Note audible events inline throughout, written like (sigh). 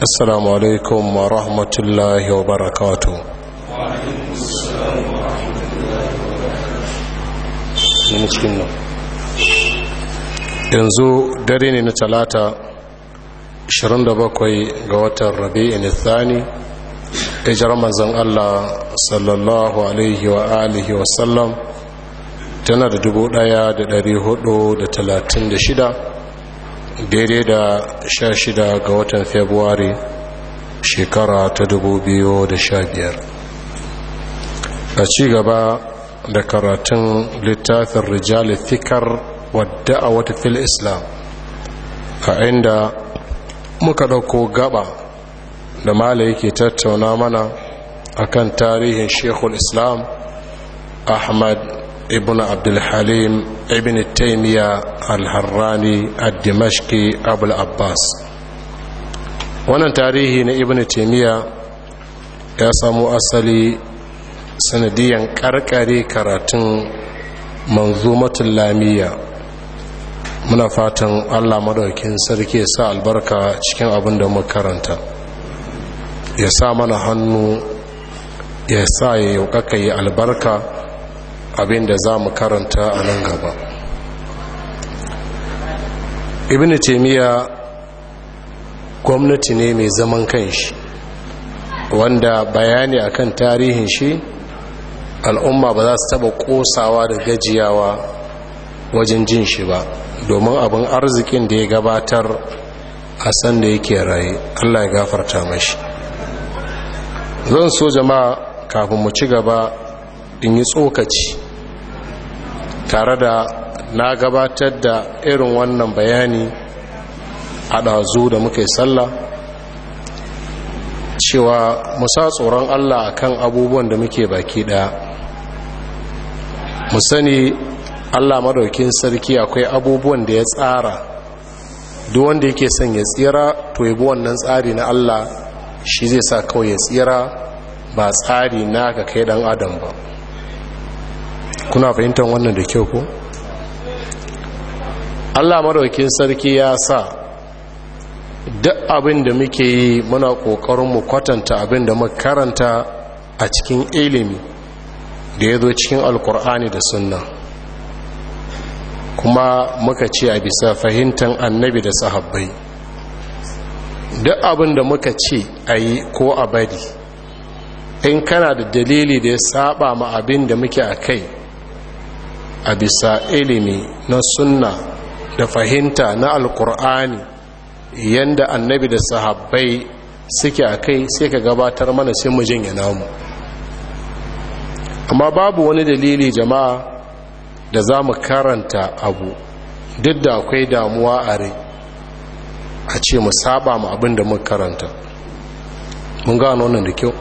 assalamu alaikum wa rahmatullahi wa barakatu yanzu dare ne na talata 27 ga watan rabi'in thani hijirar zan allah sallallahu alaihi wa alihi wasallam tana da 1436 daidai da sha shida ga watan februari shekara ta dubu biyu da sha biyar. a ci gaba da karatun littafin rijali fikar wadda a wata fil islam a inda muka ɗauko gaba da mala yake tattauna mana akan tarihin shekul islam ahmad ابن عبد الحليم ابن تيمية الهراني الدمشقي أبو العباس wannan tarihi na ibn taimiyya ya samo asali sanadiyyan karkare karatun manzumatun lamiya muna fatan allah maɗaukin sarki sa albarka cikin abin da makaranta ya sa mana hannu ya sa ya yaukaka yi albarka abin da za mu karanta a nan gaba ibn taimiyya gwamnati ne mai zaman kanshi wanda bayani akan tarihin shi al'umma ba za su taba kosawa da gajiyawa wajen jin shi ba domin abin arzikin da ya gabatar a san da yake raye allah ya gafarta mashi zan so jama'a kafin mu ci gaba in yi tsokaci tare da na gabatar da irin wannan bayani a ɗazu da muka yi sallah cewa musa tsoron allah akan abubuwan da muke baki ɗaya mu sani allah madaukin sarki akwai abubuwan da ya tsara duk wanda yake son ya tsira to yabi wannan tsari na allah shi zai sa kawai ya tsira ba tsari na ga kai dan adam ba kuna fahimtar wannan da kyau ko allah maraukin sarki ya sa duk abin da muke yi muna ƙoƙarin mu kwatanta abin da karanta a cikin ilimi da ya zo cikin alkur'ani da sunna kuma muka ce a bisa fahimtar annabi da sahabbai duk abin da muka ce a yi ko a bari in kana da dalili da ya saba ma abin da muke a kai a bisa ilimi na sunna da fahimta na alkur'ani yadda annabi da sahabbai suke a kai sai ka gabatar mana sai mu jin namu amma babu wani dalili jama'a da za mu karanta abu duk da akwai damuwa a rai a ce mu saba mu abin da muka karanta mun gano wannan da kyau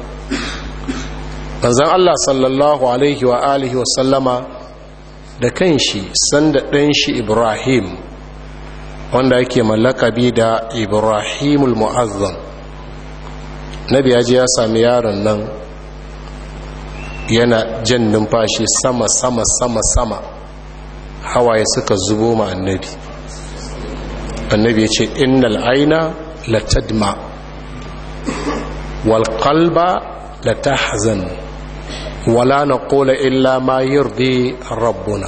manzon Allah sallallahu alaihi wa alihi wa sallama da kanshi sanda ɗan shi ibrahim wanda ake mallakabi da ibrahimul mu'azzam nabi ya ji ya sami yaron nan yana jan numfashi sama sama sama sama hawaye suka zubo ma annabi annabi ya ce innal aina la tadma wal qalba la wala na kola illa ma yardi rabbuna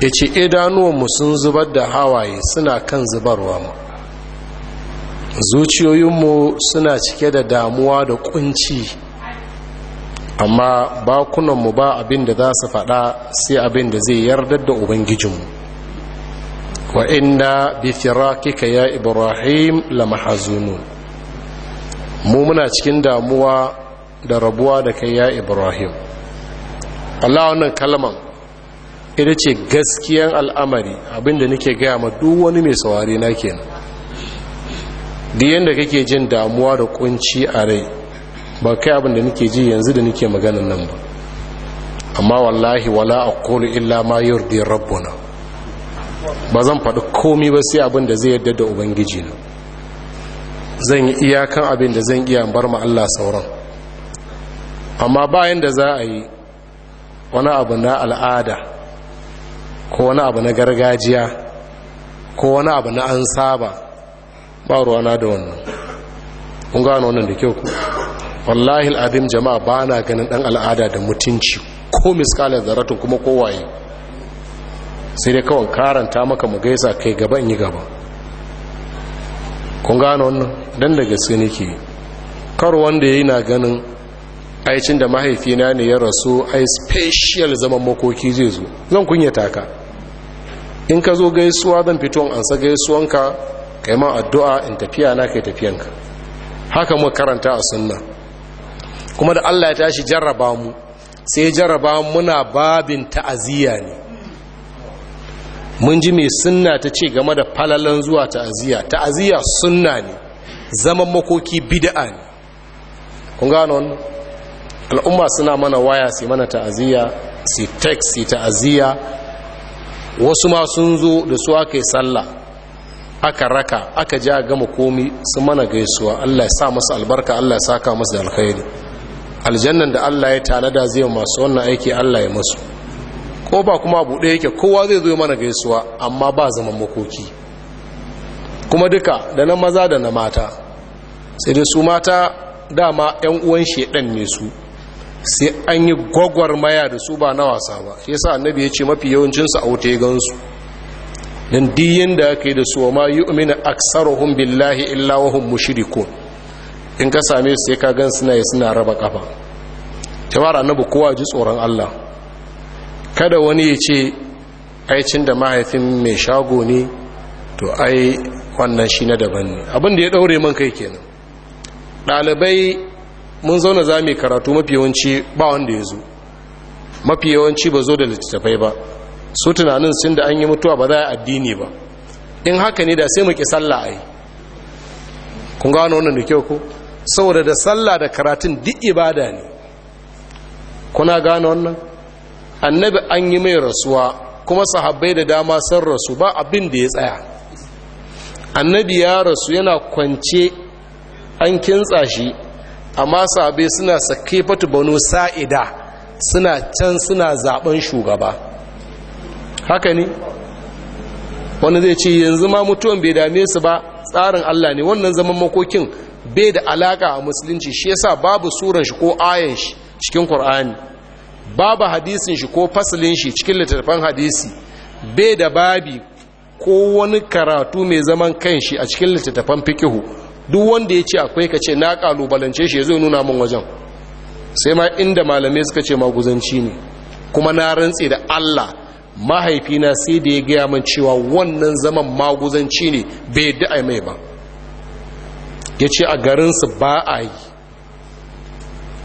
ya mu idanuwanmu sun zubar da hawaye suna kan zubarwa mu zuciyoyinmu suna cike da damuwa da kunci amma bakunanmu ba abin da za su faɗa sai abin da zai yardar da ubangijinmu wa inna bi firakika ya ibrahim la mahazunun mu muna cikin damuwa da rabuwa da kai ya ibrahim Allah wannan kalman ita ce gaskiyan al'amari abinda nake gaya ma duk wani mai saurari na kenan diyan da kake jin damuwa da kunci a rai ba kai abinda nake ji yanzu da nake maganan nan ba amma wallahi wala a aqulu illa ma yurdi rabbuna ba zan faɗi komi ba sai abinda zai yadda da ubangiji na zan yi iyakan abinda zan iya bar ma Allah sauran amma bayan da za a yi wani abu na al'ada ko wani abu na gargajiya ko wani abu na an saba ba ruwana da wannan kun gano wannan da kyau ku wallahi al'adim jama'a ba na ganin dan al'ada da mutunci ko miskalar zaratu kuma kowaye sai dai kawai karanta maka mu gaisa kai gaba in yi gaba kun gano wannan dan da gaske nake kar wanda yi na ganin aicin da mahaifina ne ya rasu ai special zaman makoki zai zo zan kunyata ka in ka zo gaisuwa zan fito an sa ka kai ma addu'a in tafiya na kai tafiyanka haka mu karanta a sunna kuma da Allah ya tashi jarraba mu sai ya jarraba muna babin ta'aziyya ne mun ji mai sunna ta ce game da falalan zuwa ta'aziyya ta'aziyya sunna ne zaman makoki bid'a ne kun gano wannan al'umma suna mana waya su mana ta'aziyya su text su ta'aziyya wasu ma sun zo da su aka yi sallah aka raka aka ji a gama komi su mana gaisuwa allah ya sa masu albarka allah ya saka masu da alkhairi aljannan da allah ya tanada zai masu wannan aiki allah ya masu ko ba kuma buɗe yake kowa zai zo mana gaisuwa amma ba zaman makoki kuma duka da na maza da na mata sai dai su mata dama 'yan uwan shedan ne su sai an yi maya da su ba na wasa ba yasa annabi ya ce mafi yawancinsu a wuta ya gansu don diyin da aka da su ma yi umina aksaruhun billahi illawahun mushiriku in ka same su sai ka gan suna yi suna raba kafa jama'ar annabi kowa ji tsoron allah kada wani ya ce aicin da mahaifin mai shago ne to ai wannan shi na daban ne abin da ya daure man kai kenan ɗalibai mun zauna za mu karatu mafi yawanci ba wanda ya zo mafi yawanci ba zo da littattafai ba su tunanin sun da an yi mutuwa ba za a addini ba in haka ne da sai mu ki sallah ai kun gano wannan da kyau ko saboda da sallah da karatun duk ibada ne kuna gano wannan annabi an yi mai rasuwa kuma sahabbai da dama san rasu ba abin da ya tsaya annabi ya rasu yana kwance an kintsa shi amma sahabai suna sake fatu sa'ida suna can suna zaben shugaba haka ne wani zai ce yanzu ma mutuwan bai dame su ba tsarin Allah ne wannan zaman makokin bai da alaka a musulunci shi yasa babu suran shi ko ayan shi cikin Qur'ani babu hadisin shi ko fasalin shi cikin littattafan hadisi bai da babi ko wani karatu mai zaman kanshi a cikin littattafan fikihu duk wanda ya ce akwai ka ce na kalubalance shi ya zo nuna min wajen sai ma inda malamai suka ce maguzanci ne kuma na rantse da allah mahaifina sai da ya gaya min cewa wannan zaman maguzanci ne bai da'a mai ba ya ce a garinsu ba a yi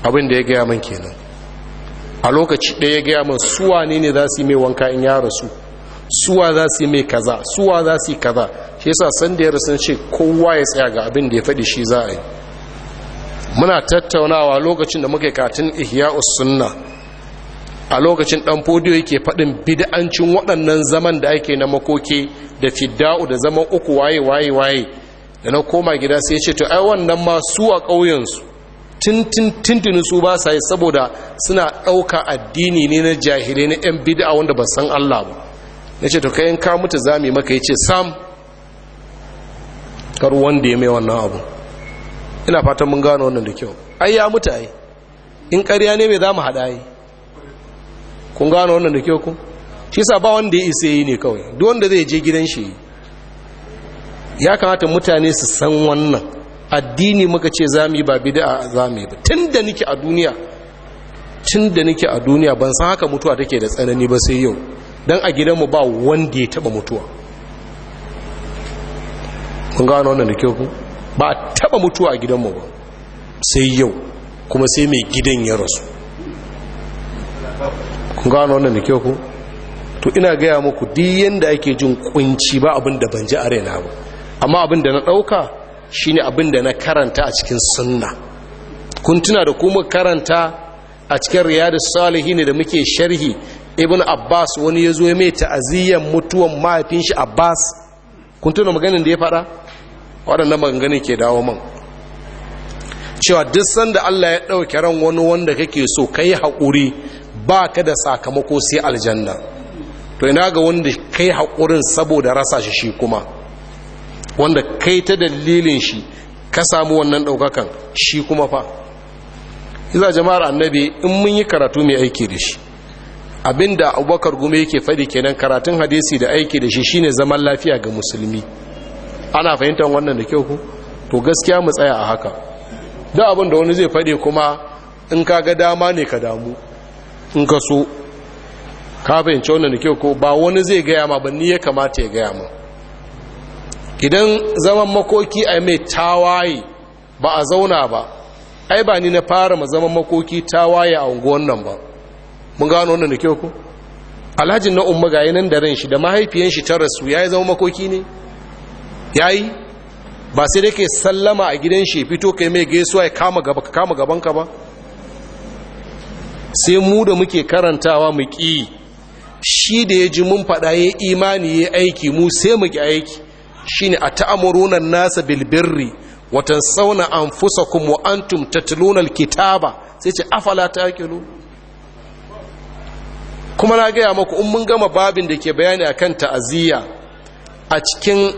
abin da ya gaya min kenan a lokaci ɗaya ya gaya min suwa ne ne za su yi mai wanka in ya rasu suwa za su yi mai kaza suwa za su yi kaza shi yasa san da ya rasu ce kowa ya tsaya ga abin da ya faɗi shi za a yi muna tattaunawa lokacin da muka katin ihya sunna a lokacin ɗan fodiyo yake faɗin bid'ancin waɗannan zaman da ake na makoki da fidda'u da zaman uku waye waye waye da na koma gida sai ce to ai wannan ma su a ƙauyensu tintin su ba sa yi saboda suna ɗauka addini ne na jahilai na 'yan bid'a wanda ba san Allah ba ya ce to kai in ka mutu zami maka ya ce sam karu wanda ya mai wannan abu ina fatan mun gano wannan da kyau ai ya mutu ai in ƙarya ne mai za mu haɗa yi. kun gano wannan da kyau ku shi sa ba wanda ya isa yi ne kawai duk wanda zai je gidan shi ya kamata mutane su san wannan addini muka ce zami ba da zami ba da nike a duniya da nike a duniya ban san haka mutuwa take da tsanani ba sai yau don a gidanmu ba wanda ya taba mutuwa kun gano wannan da kyau ba a taba mutuwa a gidanmu ba sai yau kuma sai mai gidan ya rasu kun gano wannan da kyau ku to ina gaya muku duk yanda ake jin kunci ba abin da ban ji a raina ba amma abin da na ɗauka shine abin da na karanta a cikin sunna kun tuna da kuma karanta a cikin riyadu salihi ne da muke sharhi ibn abbas wani ya zo mai ta'aziyyar mutuwan mahaifin shi abbas kun tuna maganin da ya faɗa waɗannan maganganun ke dawo man cewa duk sanda allah ya ɗauki ran wani wanda kake so ka yi haƙuri ba ka da sakamako sai aljanna to ina ga wanda kai haƙurin saboda rasa shi shi kuma wanda kai ta dalilin shi ka samu wannan ɗaukakan shi kuma fa iza jama'ar annabi in mun yi karatu mai aiki da shi abinda abubakar gume yake faɗi kenan karatun hadisi da aiki da shi shine zaman lafiya ga musulmi ana fahimtar wannan da kyau to gaskiya mu tsaya a haka da abin da wani zai faɗi kuma in ka ga dama ne ka damu in ka so ka fahimci wannan da kyau ko ba wani zai gaya ma ba ni ya kamata ya gaya ma idan zaman makoki a mai tawaye ba a zauna ba ai ba ni na fara ma zaman makoki tawaye a unguwan nan ba mun gano wannan da kyau ko alhajin na umma ga nan da ran shi da mahaifiyan shi ta rasu yayi zama makoki ne yayi ba sai da ke sallama a gidan shi fito kai mai gaisuwa ya kama gaba ka kama gaban ka ba sai mu da muke karantawa mu ki shi da ya ji mun faɗa ya imani ya aiki mu sai mu ki aiki shine a ta'amuruna nasa bilbirri watan sauna anfusakum wa antum tatluna alkitaba sai ce afala ta taqilu kuma na gaya maku in mun gama babin da ke bayani akan ta'aziyya a cikin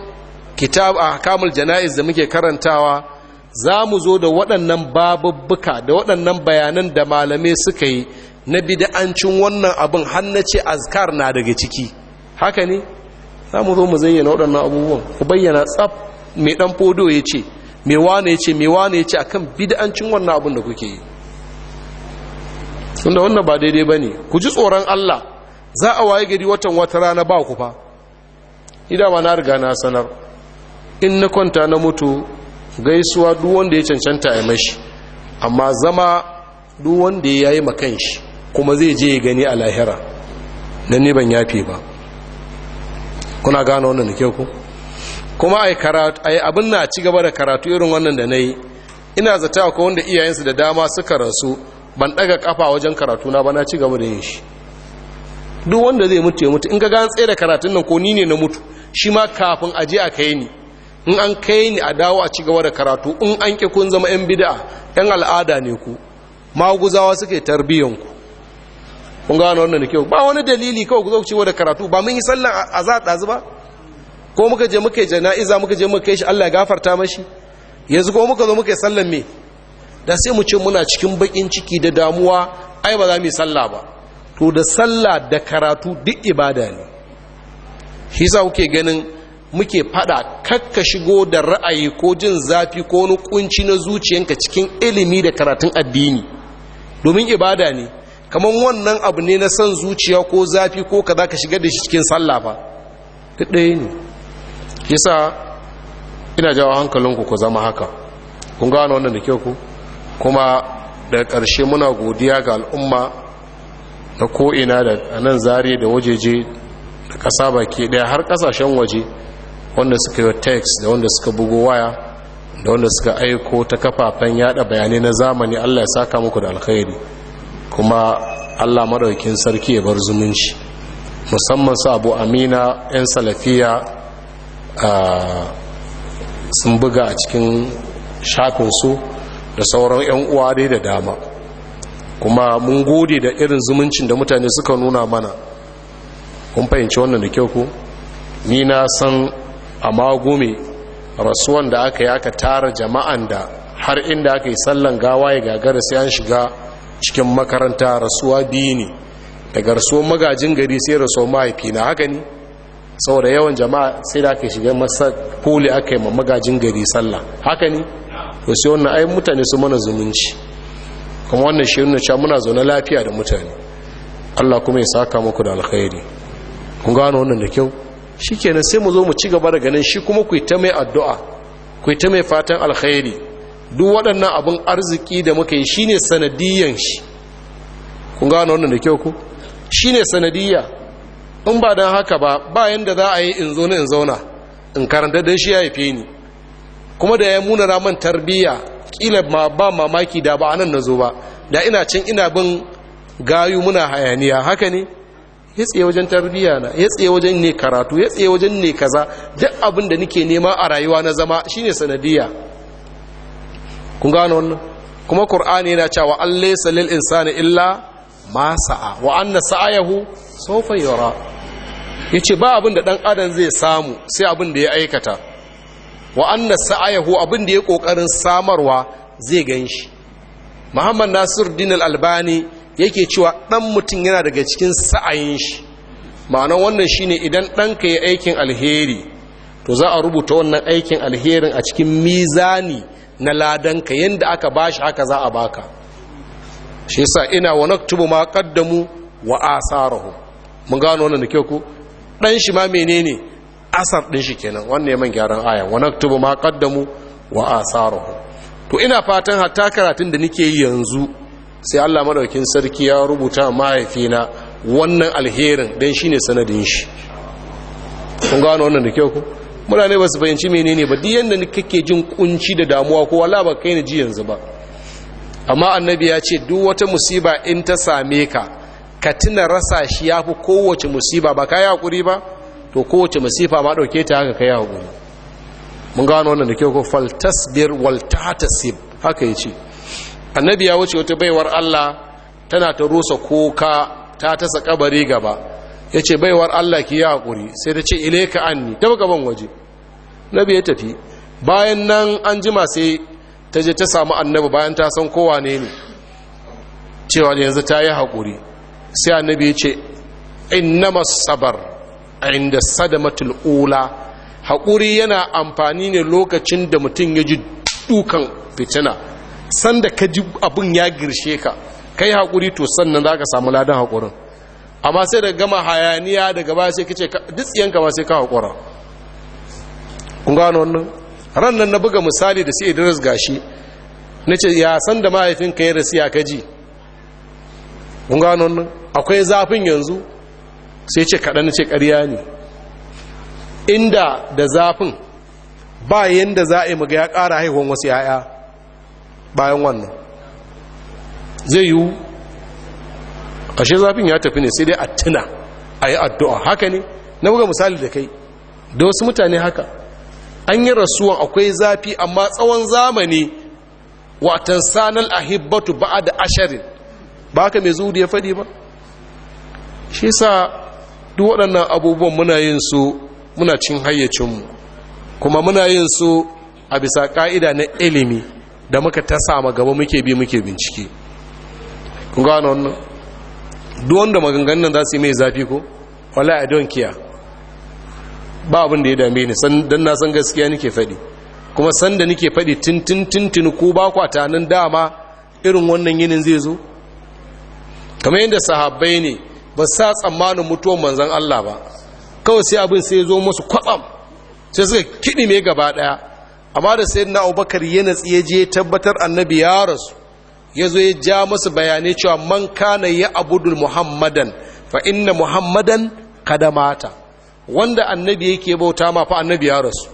kitab a kamul jana'iz da muke karantawa za mu zo da waɗannan babubbuka da waɗannan bayanan da malamai suka yi na bida'ancin wannan abin hannace azkar na daga ciki haka ne za mu zo mu zayyana waɗannan abubuwan ku bayyana tsaf mai ɗan fodo ya ce mai wane ya ce mai wane ya ce akan bida'ancin wannan abin da kuke yi tunda wannan ba daidai ba ne ku ji tsoron allah za a waye gari watan wata rana ba ku fa ida ba na riga na sanar in na kwanta na mutu gaisuwa duk wanda ya cancanta a mashi amma zama duk wanda ya yi makan shi kuma zai je ya gani a lahira na ne ban yafe ba kuna gane wannan da kyau ku kuma ai karatu ai abin na ci gaba da karatu irin wannan da na yi ina zata ko wanda iyayensu da dama suka rasu ban daga kafa wajen karatu na ba na ci gaba da yin shi duk wanda zai mutu ya mutu in ga gan tsaye da karatun nan ko ni ne na mutu shi ma kafin a je a kai ni in an kai ni a dawo a ci gaba da karatu in an ki kun zama yan bid'a yan al'ada ne ku maguzawa suke tarbiyyan ku kun gano wannan da kyau ba wani dalili kawai ku zo ku ci gaba da karatu ba mun yi sallan azza dazu ba ko muka je muka je jana'iza muka je muka kai shi Allah ya gafarta mashi yanzu ko muka zo muka yi sallan me da sai mu ce muna cikin bakin ciki da damuwa ai ba za mu yi sallah ba to da sallah da karatu duk ibada ne shi kuke ganin muke fada kakka shigo da ra'ayi ko jin zafi ko wani kunci na zuciyanka cikin ilimi da karatun addini domin ibada ne kamar wannan abu ne na son zuciya ko zafi ko ka za ka shiga da shi cikin sallah ba duk ɗaya ne yasa ina jawo hankalinku ku zama haka kun gano wannan da kyau ku kuma da ƙarshe muna godiya ga al'umma da ko'ina da nan zare da wajeje da ƙasa baki ɗaya har ƙasashen waje wanda suka yi text da wanda suka bugo waya da wanda suka aiko ta kafafen yada bayanai na zamani allah ya saka muku da alkhairi kuma allah maɗaukin sarki ya bar zumunci musamman su abu amina 'yan salafiya ah, sun buga a cikin shafinsu da sauran 'yan uwa dai da dama kuma mun gode da irin zumuncin da mutane suka nuna mana kun fahimci wannan da kyau ku ni na san a magume rasuwan da aka yi aka tara jama'an da har inda aka yi sallan gawa ya gagara sai an shiga cikin makaranta rasuwa biyu ne daga rasuwan magajin gari sai mahaifi na haka ne saboda yawan jama'a sai da aka shiga masa koli aka yi ma magajin gari sallah haka ne to sai wannan ai mutane su mana zumunci kuma wannan shi nuna cewa muna zaune lafiya da mutane Allah kuma ya saka muku da alkhairi kun gano wannan da kyau shikenan sai mu zo mu ci gaba da ganin shi kuma ku ta mai addu'a ku ta mai fatan alkhairi duk waɗannan abin arziki da muka yi shine sanadiyan shi kun gano wannan da kyau ku shine sanadiyya in ba dan haka ba ba yanda za a yi in zo na in zauna in karanta dan shi ya haife ni kuma da ya muna raman tarbiyya kila ma ba mamaki da ba anan nazo ba da ina cin, ina bin gayu muna hayaniya haka ne ya tsaye wajen tarbiyya na ya tsaye wajen ne karatu ya tsaye wajen ne kaza duk abin da nake nema a rayuwa na zama shine sanadiyya kun gano wannan kuma qur'ani yana cewa allaysa lil insani illa ma sa'a wa anna sa'ayahu sawfa yara yace ba abin da dan adam zai samu sai abin da ya aikata wa sa'ayahu abin da ya ƙoƙarin samarwa zai gan shi. muhammad nasir din albani yake cewa ɗan mutum yana daga cikin sa'ayin shi ma'anar wannan shine idan ɗanka ya aikin alheri to za a rubuta wannan aikin alherin a cikin mizani na ladanka yadda aka bashi haka za a baka shi yasa ina wa naktubu ma qaddamu wa asarahu mun gano wannan da kyau ko dan shi ma menene asar din shi kenan wannan ya man gyaran aya wa naktubu ma qaddamu wa asaruhu to ina fatan hatta karatun da nake yi yanzu sai Allah maɗaukin sarki ya rubuta mahaifina wannan alherin dan shine sanadin shi kun gano wannan da kyau ku mutane ba su fahimci menene ba duk yanda kake jin kunci da damuwa ko wala ba kai ni ji yanzu ba amma annabi ya ce duk wata musiba in ta same ka ka tuna rasa shi ya fi kowace musiba ba ka yi hakuri ba to kowace masifa ma ɗauke ta haka kai hakuri mun gano wannan da kyau ko faltasbir wal tahtasib haka yace annabi ya wuce wata baiwar Allah tana ta rusa kuka ta tasa kabari gaba yace baiwar Allah ki ya hakuri sai ta ce an anni ta gaban waje nabi ya tafi bayan nan an jima sai ta je ta samu annabi bayan ta san kowa ne ne cewa yanzu ta yi hakuri sai annabi ya ce innama sabar inda sadamatul ula haƙuri yana amfani ne lokacin da mutum ya ji dukan fitina sanda ka ji abin ya girshe ka kai haƙuri to sannan za ka samu ladan haƙurin amma sai da gama hayaniya daga gaba sai kace duk tsiyanka ba sai ka haƙura kun gano wannan ran na buga misali da sai Idris gashi nace ya san da mahaifinka ya rasu ya kaji kun gano wannan akwai zafin yanzu sai ce kaɗan ce ƙarya ne inda da zafin ba yadda za a yi maga ya ƙara haihuwan wasu yaya bayan wannan zai yiwu ƙashe zafin ya tafi ne sai dai a tuna a yi addu'a haka ne na buga misali da kai da wasu mutane haka an yi rasuwa akwai zafi amma tsawon zamani watan sanar a hibbatu ba'a da ashirin ba haka mai zuwa ya faɗi ba shi sa duk waɗannan abubuwan muna yin su muna cin hayyacinmu kuma muna yin su a bisa ƙa'ida na ilimi da muka ta sama gaba muke bi muke bincike kun gano wannan duk wanda maganganun nan za su yi mai zafi ko wala a don kiya ba abin da ya dame ni don na san gaskiya nake faɗi kuma san da nake faɗi tintin ko ba kwa nan dama irin wannan yinin zai zo kamar yadda sahabbai ne ba sa tsammanin mutuwan manzan Allah ba kawai sai abin sai zo musu kwatsam sai suka kiɗi mai gaba ɗaya amma da sai na abubakar ya natsi ya je tabbatar annabi ya rasu ya zo ya ja masu bayanai cewa man kana ya abudul muhammadan fa inna muhammadan kada mata wanda annabi yake bauta ma fa annabi ya rasu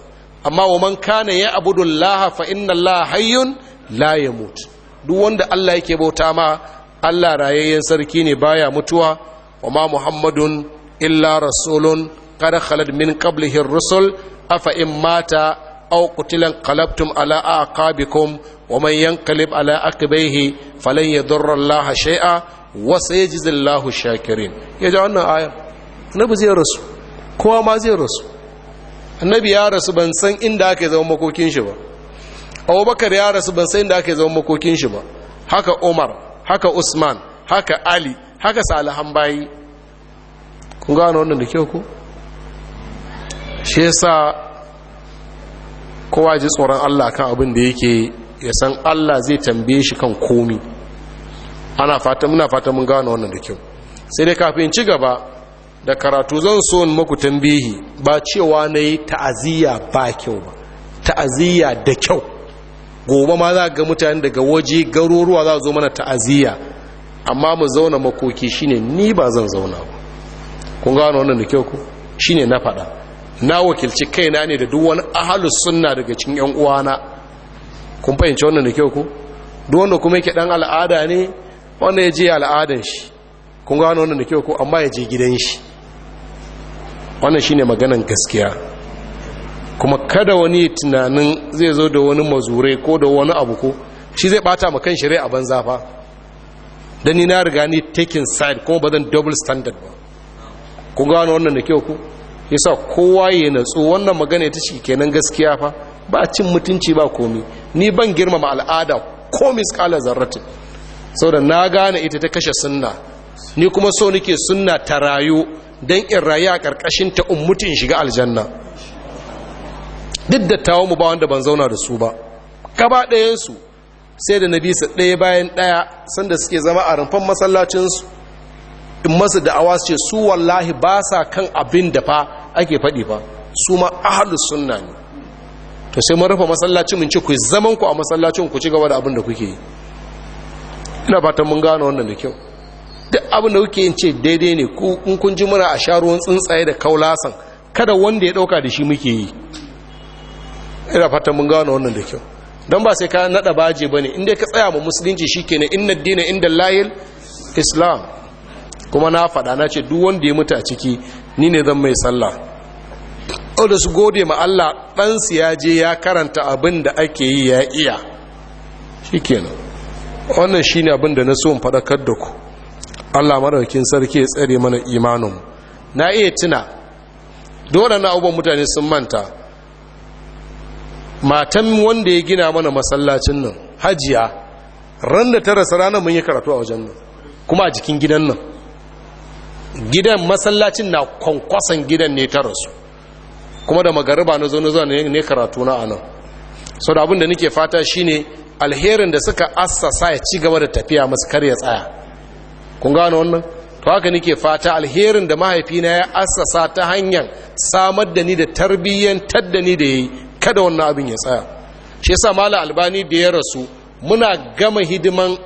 amma wa man kana ya abudul laha fa inna laha hayyun la yamut duk wanda Allah yake bauta ma Allah rayayyen sarki ne baya mutuwa wa ma muhammadun illa rasulun kada khalad min qablihi rusul afa in mata aw qutilan qalabtum ala aqabikum wa man yanqalib ala aqibaihi falan yadurra Allah shay'a wa sayajzi Allahu shakirin yaji wannan aya annabi zai rasu kowa ma zai rasu annabi ya rasu ban san inda aka zama makokin shi ba abubakar ya rasu ban san inda aka zama makokin shi ba haka umar haka usman haka ali haka salihan bayi kun gano wannan da kyau ko shi yasa kowa ji tsoron Allah kan abin da yake ya san Allah zai tambaye shi kan komi ana fata muna fata mun gano wannan da kyau sai dai kafin ci gaba da karatu zan so in muku tambihi ba cewa nayi yi ta'aziyya ba kyau ba ta'aziyya da kyau gobe ma za ga mutane daga waje garuruwa za zo mana ta'aziyya amma mu zauna makoki shine ni ba zan zauna ba kun gano wannan da kyau ku shine na faɗa na wakilci kaina ne da duk wani ahalus sunna daga cikin yan uwana kun fahimci wannan da kyau ku duk wanda kuma yake dan al'ada ne wanda ya je al'adan shi kun gano wannan da kyau ku amma ya je gidan shi wannan shine maganan gaskiya kuma kada wani tunanin zai zo da wani mazure ko da wani abu ko shi zai bata ma kan shari'a banza fa Dan ni na riga ni taking side kuma ba zan double standard ba ku gano wannan da kyau ku yasa kowa ya natsu wannan magana ta shi kenan gaskiya fa ba cin mutunci ba komi ni ban girmama al'ada ko miskala zarratin saboda na gane ita ta kashe sunna ni kuma so nake sunna ta rayu dan in rayu a karkashin ta ummutin shiga aljanna duk da tawo mu ba wanda ban zauna da su ba gaba ɗayansu sai da na bi su ɗaya bayan ɗaya sanda suke zama a rumfan masallacinsu in masu da'awa su ce su wallahi ba sa kan abin da fa ake faɗi ba, su ma ahalus sunna ne to sai mun rufe masallacin mun ce ku zaman ku a masallacin ku ci gaba da abin da kuke yi ina fatan mun gano wannan da kyau duk abin da kuke yin ce daidai ne ku in kun ji muna a sharuwan tsuntsaye da kaulasan kada wanda ya dauka da shi muke yi ina fatan mun gano wannan da kyau don ba sai ka nada baje bane inda ka tsaya ma musulunci shikenan inna dina inda layil islam kuma na faɗa na ce duk wanda ya mutu a ciki ni ne zan mai sallah o da su gode ma Allah ɗansu ya je ya karanta abin da ake yi ya iya shikenan wannan shine abin da na so in faɗakar da ku Allah madaukakin sarki ya tsare mana imanin na iya tuna dole na abubuwan mutane sun manta matan wanda ya gina mana masallacin nan hajiya ran da ta rasa ranar mun yi karatu a wajen nan kuma a jikin gidan nan gidan masallacin na kwankwasan gidan ne ta rasu kuma da magariba na zo zuwa ne karatu na anan sau da abin da nake fata shine alherin da suka assasa ya ci gaba da tafiya masu kar tsaya kun gano wannan to haka nake fata alherin da mahaifina ya assasa ta hanyar samar da ni da tarbiyyantar da ni da yi kada wannan abin ya tsaya shi yasa malam albani da ya rasu muna gama hidiman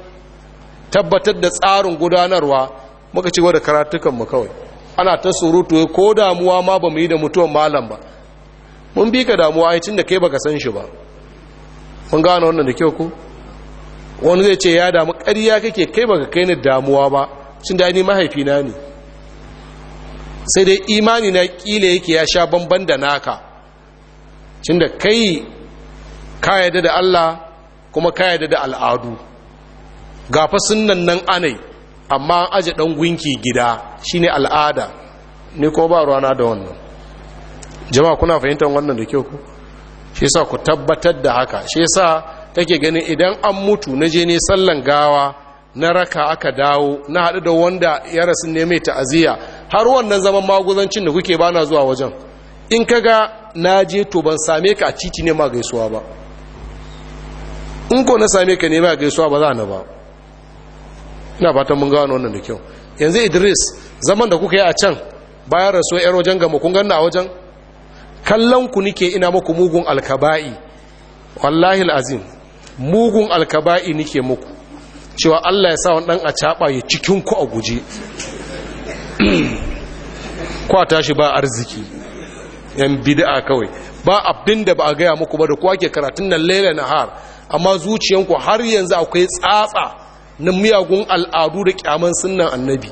tabbatar da tsarin gudanarwa muka ci da karatukan mu kawai ana ta surutu ko damuwa ma ba mu yi da mutuwan malam ba mun bi ka damuwa ai tunda kai baka san shi ba mun gane wannan da kyau ko wani zai ce ya damu ƙarya kake kai baka kai ni damuwa ba tunda da ni mahaifina ne sai dai imani na kila yake ya sha bamban da naka cin da kai yarda da Allah kuma yarda da al'adu gafa sunan nan anai amma aje dan gunki gida shine al'ada ni ko ba ruwana da wannan jama'a kuna fahimtar wannan da kyau ku shi yasa ku tabbatar da haka shi yasa take ganin idan an mutu na je ne sallan gawa na raka aka dawo na haɗu da wanda ya rasu ne mai ta'aziyya har wannan zaman maguzancin da kuke bana zuwa wajen in kaga na je to ban same ka a titi ne ma gaisuwa ba in ko na same ka ne ma gaisuwa ba za na ba ina fatan mun gano wannan da kyau yanzu idris zaman da kuka yi a can bayan rasu yar wajen gama kun ganna a wajen kallon ku nike ina muku mugun alkaba'i wallahi azim mugun alkaba'i nike muku cewa allah ya sa wani dan a caɓa ya cikin ku a guje (clears throat) kwa tashi ba arziki yan bid'a kawai ba abin da ba a gaya muku ba da kuwa ke karatun nan laila na har amma zuciyanku har yanzu akwai tsatsa na miyagun al'adu da kyaman sunnan annabi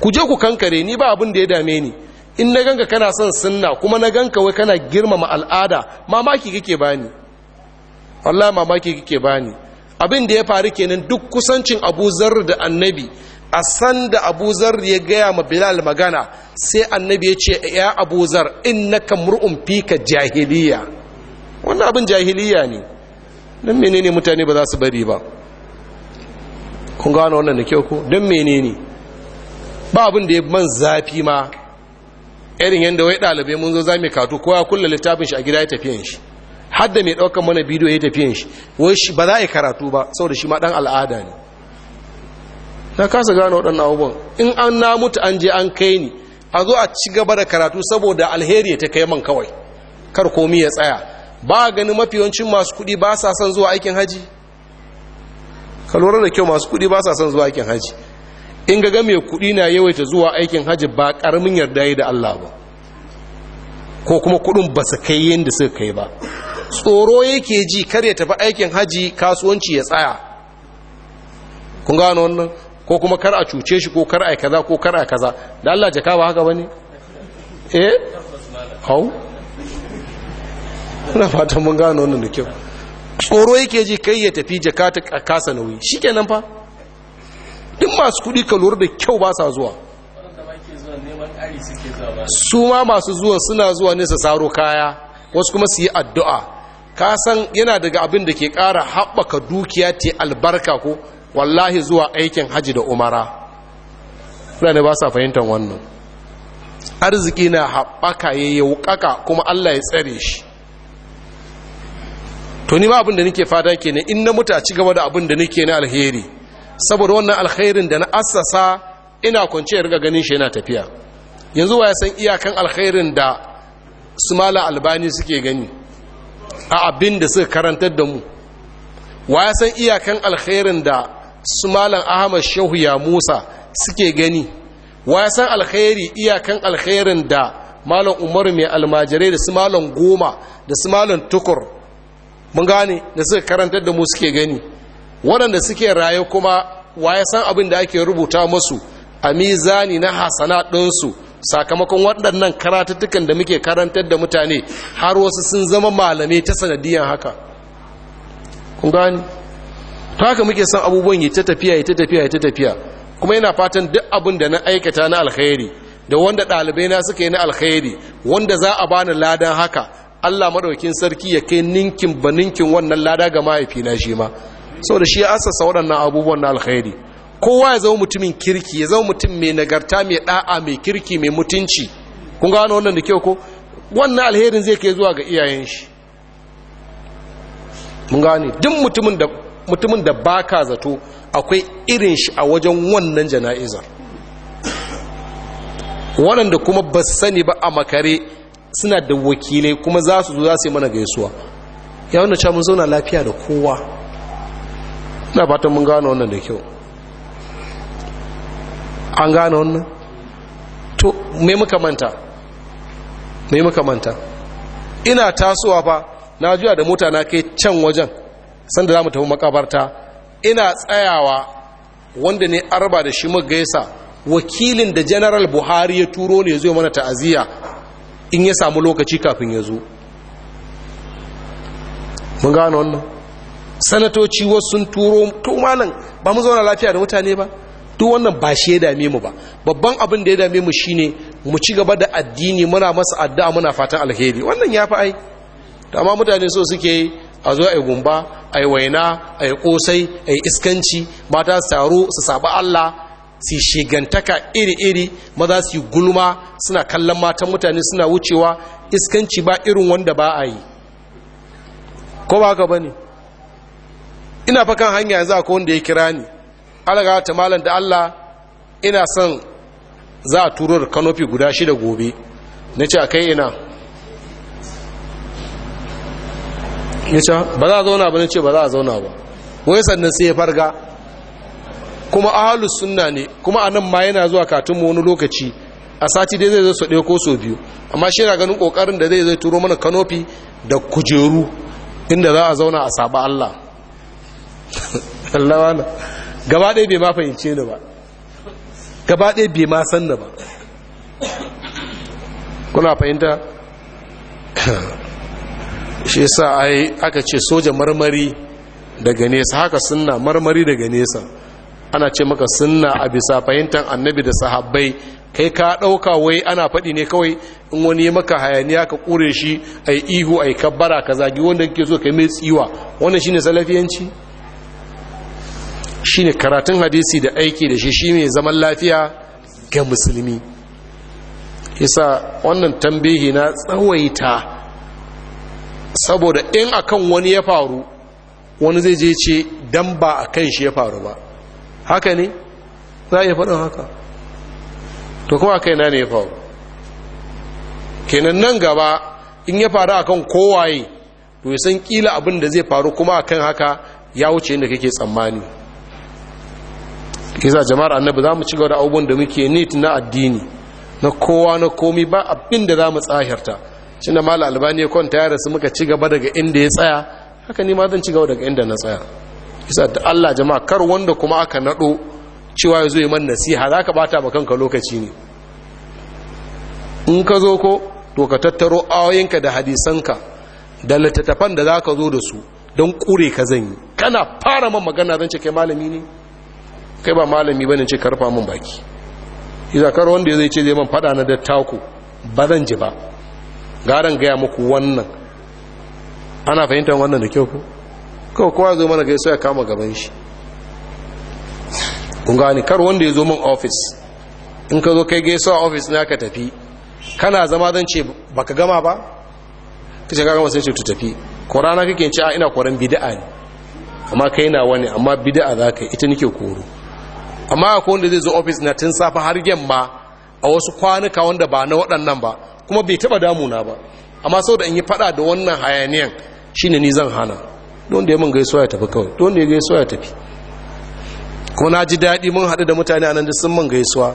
ku je ku kankare ni ba abin da ya dame ni in na ganka kana son sunna kuma na ganka wai kana girmama al'ada mamaki kake bani wallahi mamaki kake bani abin da ya faru kenan duk kusancin abu zarr da annabi a san da abu zar ya gaya ma bilal magana sai annabi ya ce ya abu zar innaka mur'un fika jahiliya wannan abin jahiliya ne don menene mutane ba za su bari ba kun gano wannan da kyau ko don menene ba abin da ya man zafi ma irin yadda wai ɗalibai mun zo za mu kato kowa kulla littafin shi a gida ya tafiyan shi hadda mai ɗaukar mana bidiyo ya tafiyan shi ba za a yi karatu ba saboda shi ma ɗan al'ada ne na kasa gane ɗan abubuwan in an na mutu an je an kai ni a zo a ci gaba da karatu saboda alheri ta kai man kawai kar komi ya tsaya ba gani mafi yawancin masu kuɗi ba sa son zuwa aikin haji ka lura da kyau masu kuɗi ba sa son zuwa aikin haji in ga mai kuɗi na yawaita zuwa aikin haji ba ƙaramin yarda yi da Allah ba ko kuma kuɗin ba su kai yadda suka kai ba tsoro yake ji kar ya tafi aikin haji kasuwanci ya tsaya kun gano wannan ko kuma kar a cuce shi ko kar a kaza ko kar a kaza da Allah jaka ba haka bane eh hau ina fatan mun gano wannan da kyau tsoro yake ji kai ya tafi jaka ta kasa nauyi shikenan fa duk masu kudi ka lura da kyau ba sa zuwa su ma masu zuwa suna zuwa ne su saro kaya wasu kuma su yi addu'a ka san yana daga abin da ke ƙara haɓaka dukiya te albarka ko wallahi zuwa aikin haji da umara fulani ba sa fahimtar wannan arziki na haɓaka ya yi wukaka kuma allah ya tsare shi to ni ma abin da nake fata kenan in na muta ci gaba da abinda da nake na alheri saboda wannan alherin da na assasa ina kwance riga ganin shi yana tafiya yanzu wa ya san iyakan alherin da su mala albani suke gani a abin da suka karantar da mu wa ya san iyakan alherin da su malam ahmad shehu ya musa suke gani wasan alkhairi iyakan alkhairin da malam umaru mai almajirai da su malam goma da su malam tukur mun gane da suka karantar da mu suke gani waɗanda suke raye kuma wayasan abin da ake rubuta masu a mizani na hasana ɗinsu sakamakon waɗannan karatattukan da muke karantar da mutane har wasu sun zama malamai ta sanadiyan haka kun to haka muke son abubuwan yi ta tafiya ya ta tafiya ya ta tafiya kuma yana fatan duk abin da na aikata na alkhairi da wanda ɗalibai na suka yi na alkhairi wanda za a bani ladan haka Allah madaukin sarki ya kai ninkin ba ninkin wannan lada ga mahaifina shi ma saboda shi ya asasa waɗannan abubuwan na alkhairi kowa ya zama mutumin kirki ya zama mutum mai nagarta mai da'a mai kirki mai mutunci kun wani wannan da kyau ko wannan alherin zai kai zuwa ga iyayen shi mun gane duk mutumin da mutumin da baka zato akwai irin shi a wajen wannan jana'izar waɗanda kuma ba sani ba a makare suna da wakilai kuma za su zo za su yi mana gaisuwa ya wanda cewa mun zauna lafiya da kowa na fatan mun gano wannan da kyau an gano wannan to mai muka manta mai muka manta ina tasowa fa na juya da mota na kai can wajen sanda za mu tafi makabarta ina tsayawa wanda ne arba da shi gaisa wakilin da general buhari ya turo ne zai mana ta'aziyya in ya samu lokaci kafin ya zo mun gano wannan sanatoci wasu sun turo tumanin ba mu zauna lafiya da mutane ba duk wannan ba shi ya dame mu ba babban abin da ya dame mu shi ne, mu ci gaba da addini muna masa addu'a muna fatan alheri wannan ya fi ai amma mutane so suke a zo a yi gumba a yi waina a yi kosai a yi iskanci mata su taru su sabi allah su shigantaka iri-iri maza su yi gulma suna kallon matan mutane suna wucewa iskanci ba irin wanda ba a yi ko ba ka ba ne ina fakan hanya yanzu akwai wanda ya kira ni alaga ta malam da allah ina son za a turo da kanofi guda shida gobe na ce a kai ina ya ce ba za a zauna ba ne ce ba za a zauna ba wai sannan sai ya farga kuma ahalus sunna ne kuma a nan ma yana zuwa katun mu wani lokaci a sati dai zai zo so ɗaya ko so biyu amma shi yana ganin ƙoƙarin da zai zai turo mana kanofi da kujeru inda za a zauna a saba Allah gaba bai ma fahimce ni ba gaba bai ma san ni ba kuna fahimta shi sa ai aka ce soja marmari daga nesa haka suna marmari daga nesa ana ce maka sunna a bisa fahimtar annabi da sahabbai kai ka ɗauka wai ana faɗi ne kawai in wani ya maka hayaniya ka ƙure shi a yi ihu a kabbara ka zagi wanda ke so ka mai tsiwa wannan shine salafiyanci shine karatun hadisi da aiki da shi shi ne zaman lafiya ga musulmi yasa wannan tambihi na tsawaita saboda in akan wani ya faru wani zai je ce dan ba a kan shi ya faru ba haka ne za a iya faɗin haka to kuma kai na ne ya faru kenan nan gaba in ya faru akan kowaye to ya san kila abin da zai faru kuma akan haka ya wuce inda kake tsammani kisa jama'ar annabi za mu ci gaba da abubuwan da muke nit na addini na kowa na komi ba abin da za mu tsahirta shi da mala albani ya kwanta ya rasu muka ci gaba daga inda ya tsaya haka ni ma zan ci gaba daga inda na tsaya isa da allah jama'a kar wanda kuma aka nado cewa ya zo yi man nasiha za ka bata ba kanka lokaci ne in ka zo ko to ka tattaro ayoyinka da hadisanka da littattafan da za ka zo da su don kure ka zan yi kana fara man magana zan ce kai malami ne kai ba malami ba ne ce karfa min baki iza kar wanda ya zai ce zai man fada na dattako ba zan ji ba garan gaya muku wannan ana fahimtar wannan da kyau ku kawai kowa zo mana gaisa ya kama gaban shi kun gani kar wanda ya zo min ofis in ka zo kai gaisa a ofis na ka tafi kana zama zan ce baka gama ba ka ce ka gama sai ce tu tafi ko kake ce a ina kwaran bid'a ne amma kai na wani amma bid'a za ka ita nake koro amma akwai wanda zai zo ofis na tun safa har yamma a wasu kwanuka wanda ba na waɗannan ba kuma bai taba damuna ba amma saboda in yi fada da wannan hayaniyan shine ni zan hana don da ya mun gaisuwa ya tafi kawai don da ya gaisuwa ya tafi kuma na ji daɗi mun haɗu da mutane a nan da sun mun gaisuwa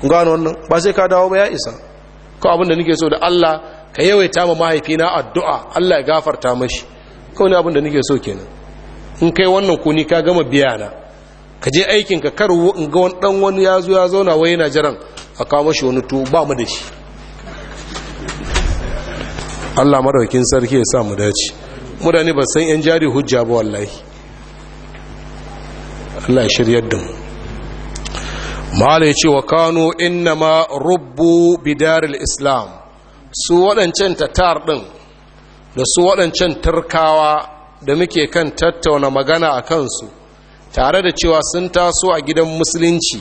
kun gano wannan ba sai ka dawo ba ya isa ko abin da nake so da Allah ka yawaita ma mahaifina addu'a Allah ya gafarta mashi kawai abin da nake so kenan in kai wannan kuni ka gama biya na ka je aikin ka kar in ga wani dan wani ya zo ya zauna wai yana jiran a kawo mashi wani tuwo ba mu da shi Allah madaukakin sarki ya sa mu dace mutane ba san yan jari hujja ba wallahi Allah ya shiryar da mu mala ce wa kanu ma rubbu bidaril islam su waɗancan tatar ɗin da su waɗancan turkawa da muke kan tattauna magana a kansu tare da cewa sun taso a gidan musulunci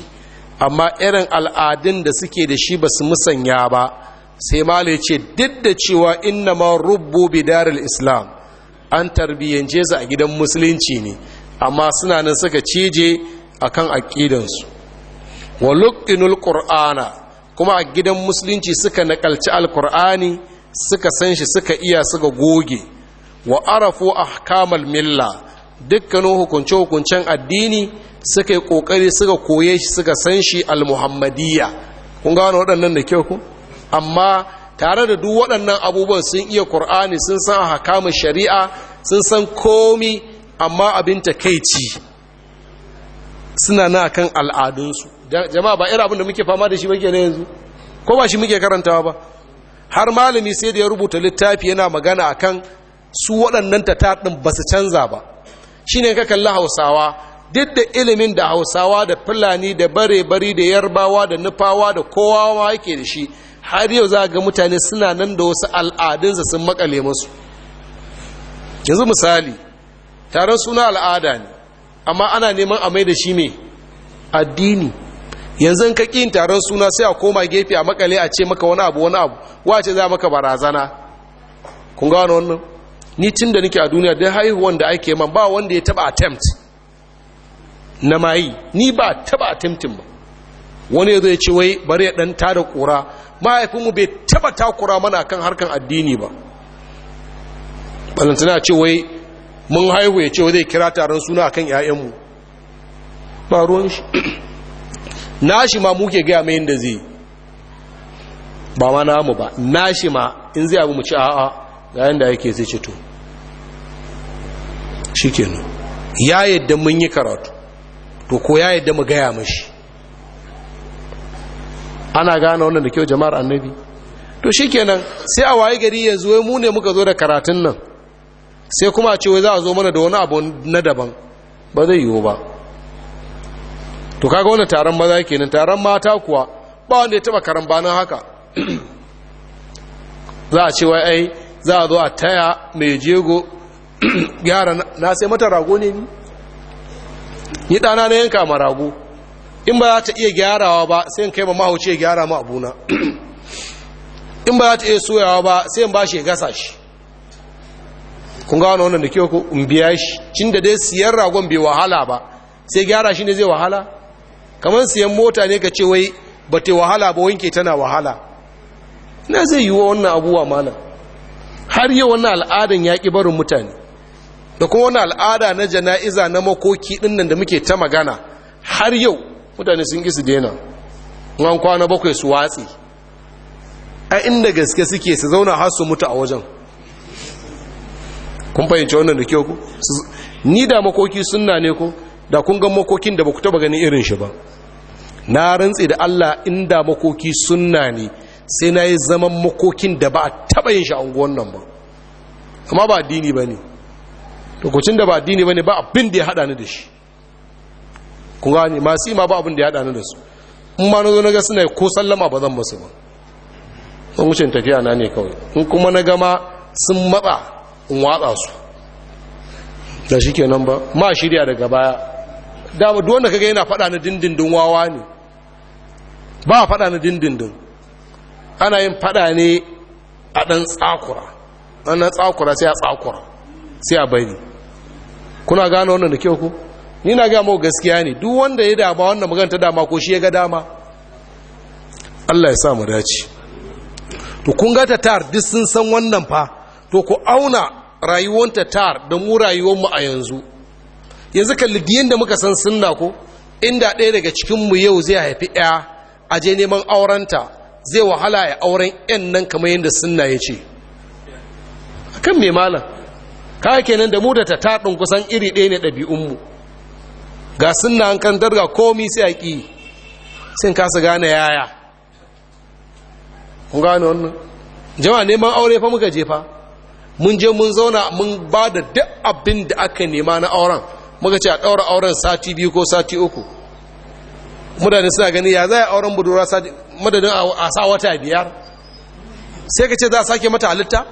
amma irin al'adun da suke da shi ba su musanya ba sai mala ce duk da cewa inna ma rubbu daril islam an tarbiyyance su a gidan musulunci ne amma suna nan suka cije akan aƙidansu. wa luqinul qur'ana kuma a gidan musulunci suka nakalci alqur'ani suka san shi suka iya suka goge wa arafu ahkamal milla dukkanin hukunce hukuncen addini suka yi kokari suka koye shi suka san shi almuhammadiyya kun gano waɗannan da kyau ku amma tare da duk waɗannan abubuwan sun iya ƙur'ani sun san hakamun shari'a sun san komi amma abin takeici suna na kan al'adunsu jama'a ba irin abin da muke fama da shi muke na yanzu ko ba shi muke karantawa ba har malami sai da ya rubuta littafi yana magana akan su waɗannan ta taɗin ba su canza ba shine ka kalli hausawa duk da ilimin da hausawa da fulani da bare-bari da yarbawa da nufawa da kowa ma yake da shi har yau za ga mutane suna nan da wasu al'adunsa sun makale masu yanzu misali taron suna al'ada ne amma ana neman a mai da shi mai addini yanzu ka ƙi taron suna sai a koma gefe a makale a ce maka wani abu wani abu wace za maka barazana kun gano wannan ni tun da nake a duniya don haihuwan da ake man ba wanda ya taba attempt na mayi ni ba taba attempting ba wani ya zai ce wai bari ya dan tada kura mahaifinmu bai taba takura mana kan harkan addini ba balantana ce wai mun haihu ya ce wai zai kira taron suna kan 'ya'yanmu ba ruwan shi (clears throat) shi ma muke gaya mai yadda zai ba ma namu ba Na shi ma in zai abu mu ci a'a ga yadda yake sai ce to shi ya yadda mun yi karatu to ko ya yadda mu gaya mashi ana gane wannan da kyau jama'ar annabi to shi kenan sai a waye gari yanzu wai mu ne muka zo da karatun nan sai kuma a ce wai za a zo mana da wani abu na daban ba zai yiwu ba to kaga wannan taron maza kenan taron mata kuwa ba wanda ya taba karambanin haka (clears throat) za a ce wai ai za a zo a taya mai jego (clears throat) gyara na sai mata rago ne ni ni ɗana na yanka ma rago in ba za ta iya gyarawa ba sai in kai ma mahauci ya gyara ma abuna (clears throat) in ba za ta iya soyawa ba sai in ba shi ya gasa shi kun gano wannan da ke ku in biya shi cin da dai siyan ragon bai wahala ba sai gyara shi ne zai wahala kamar siyan mota ne ka ce wai ba ta wahala ba wanke tana wahala na zai yi wa wannan abuwa malam har yau wannan al'adan ya ƙi barin mutane da kuma wannan al'ada na jana'iza na makoki ɗinnan da muke ta magana har yau mutane sun gi su dena an kwana bakwai su watsi a inda gaske suke su zauna har su mutu a wajen kun fahimci wannan da kyau ku ni da makoki suna ne ku da kun gan makokin da ba ku taba ganin irin shi ba na rantse da Allah inda makoki suna ne sai na yi zaman makokin da ba a taba yin shi a unguwan nan ba amma ba addini ba ne lokacin da ba addini ba ne ba abin da ya haɗa ni da shi ku gani masu ima ba abin ya haɗa da su in ma na zo na ga suna ko sallama ba zan masu ba sun wucin tafiya na ne kawai in kuma na gama sun matsa in watsa su da shi kenan ba ma shirya daga baya dama duk wanda kaga yana faɗa na dindindin wawa ne ba faɗa na dindindin ana yin faɗa ne a ɗan tsakura ana tsakura sai a tsakura sai a bari kuna gano wannan da kyau ku ni na ga gaskiya ne duk wanda ya dama wannan magana ta dama ko shi ya ga dama Allah ya sa mu dace to kun ga tatar duk sun san wannan fa to ku auna rayuwar tatar da mu rayuwar mu a yanzu yanzu kalli diyan da muka san sunna ko inda ɗaya daga cikinmu yau zai haifi ɗaya a je neman aurenta zai wahala ya auren yan nan kamar yadda sunna ya ce akan mai malam kaya kenan da mu da tatar ɗin kusan iri ɗaya ne ɗabi'unmu ga suna an kan darga komi sai a ƙi sun kasa gane yaya Mun gane wannan jama'a neman aure fa muka jefa? mun je mun zauna mun ba da duk abin da aka nema na auren muka ce a ɗaura auren sati biyu ko sati uku mudane suna gani ya za a auren budurwa sati madadin a sa wata biyar sai ka ce za a sake mata halitta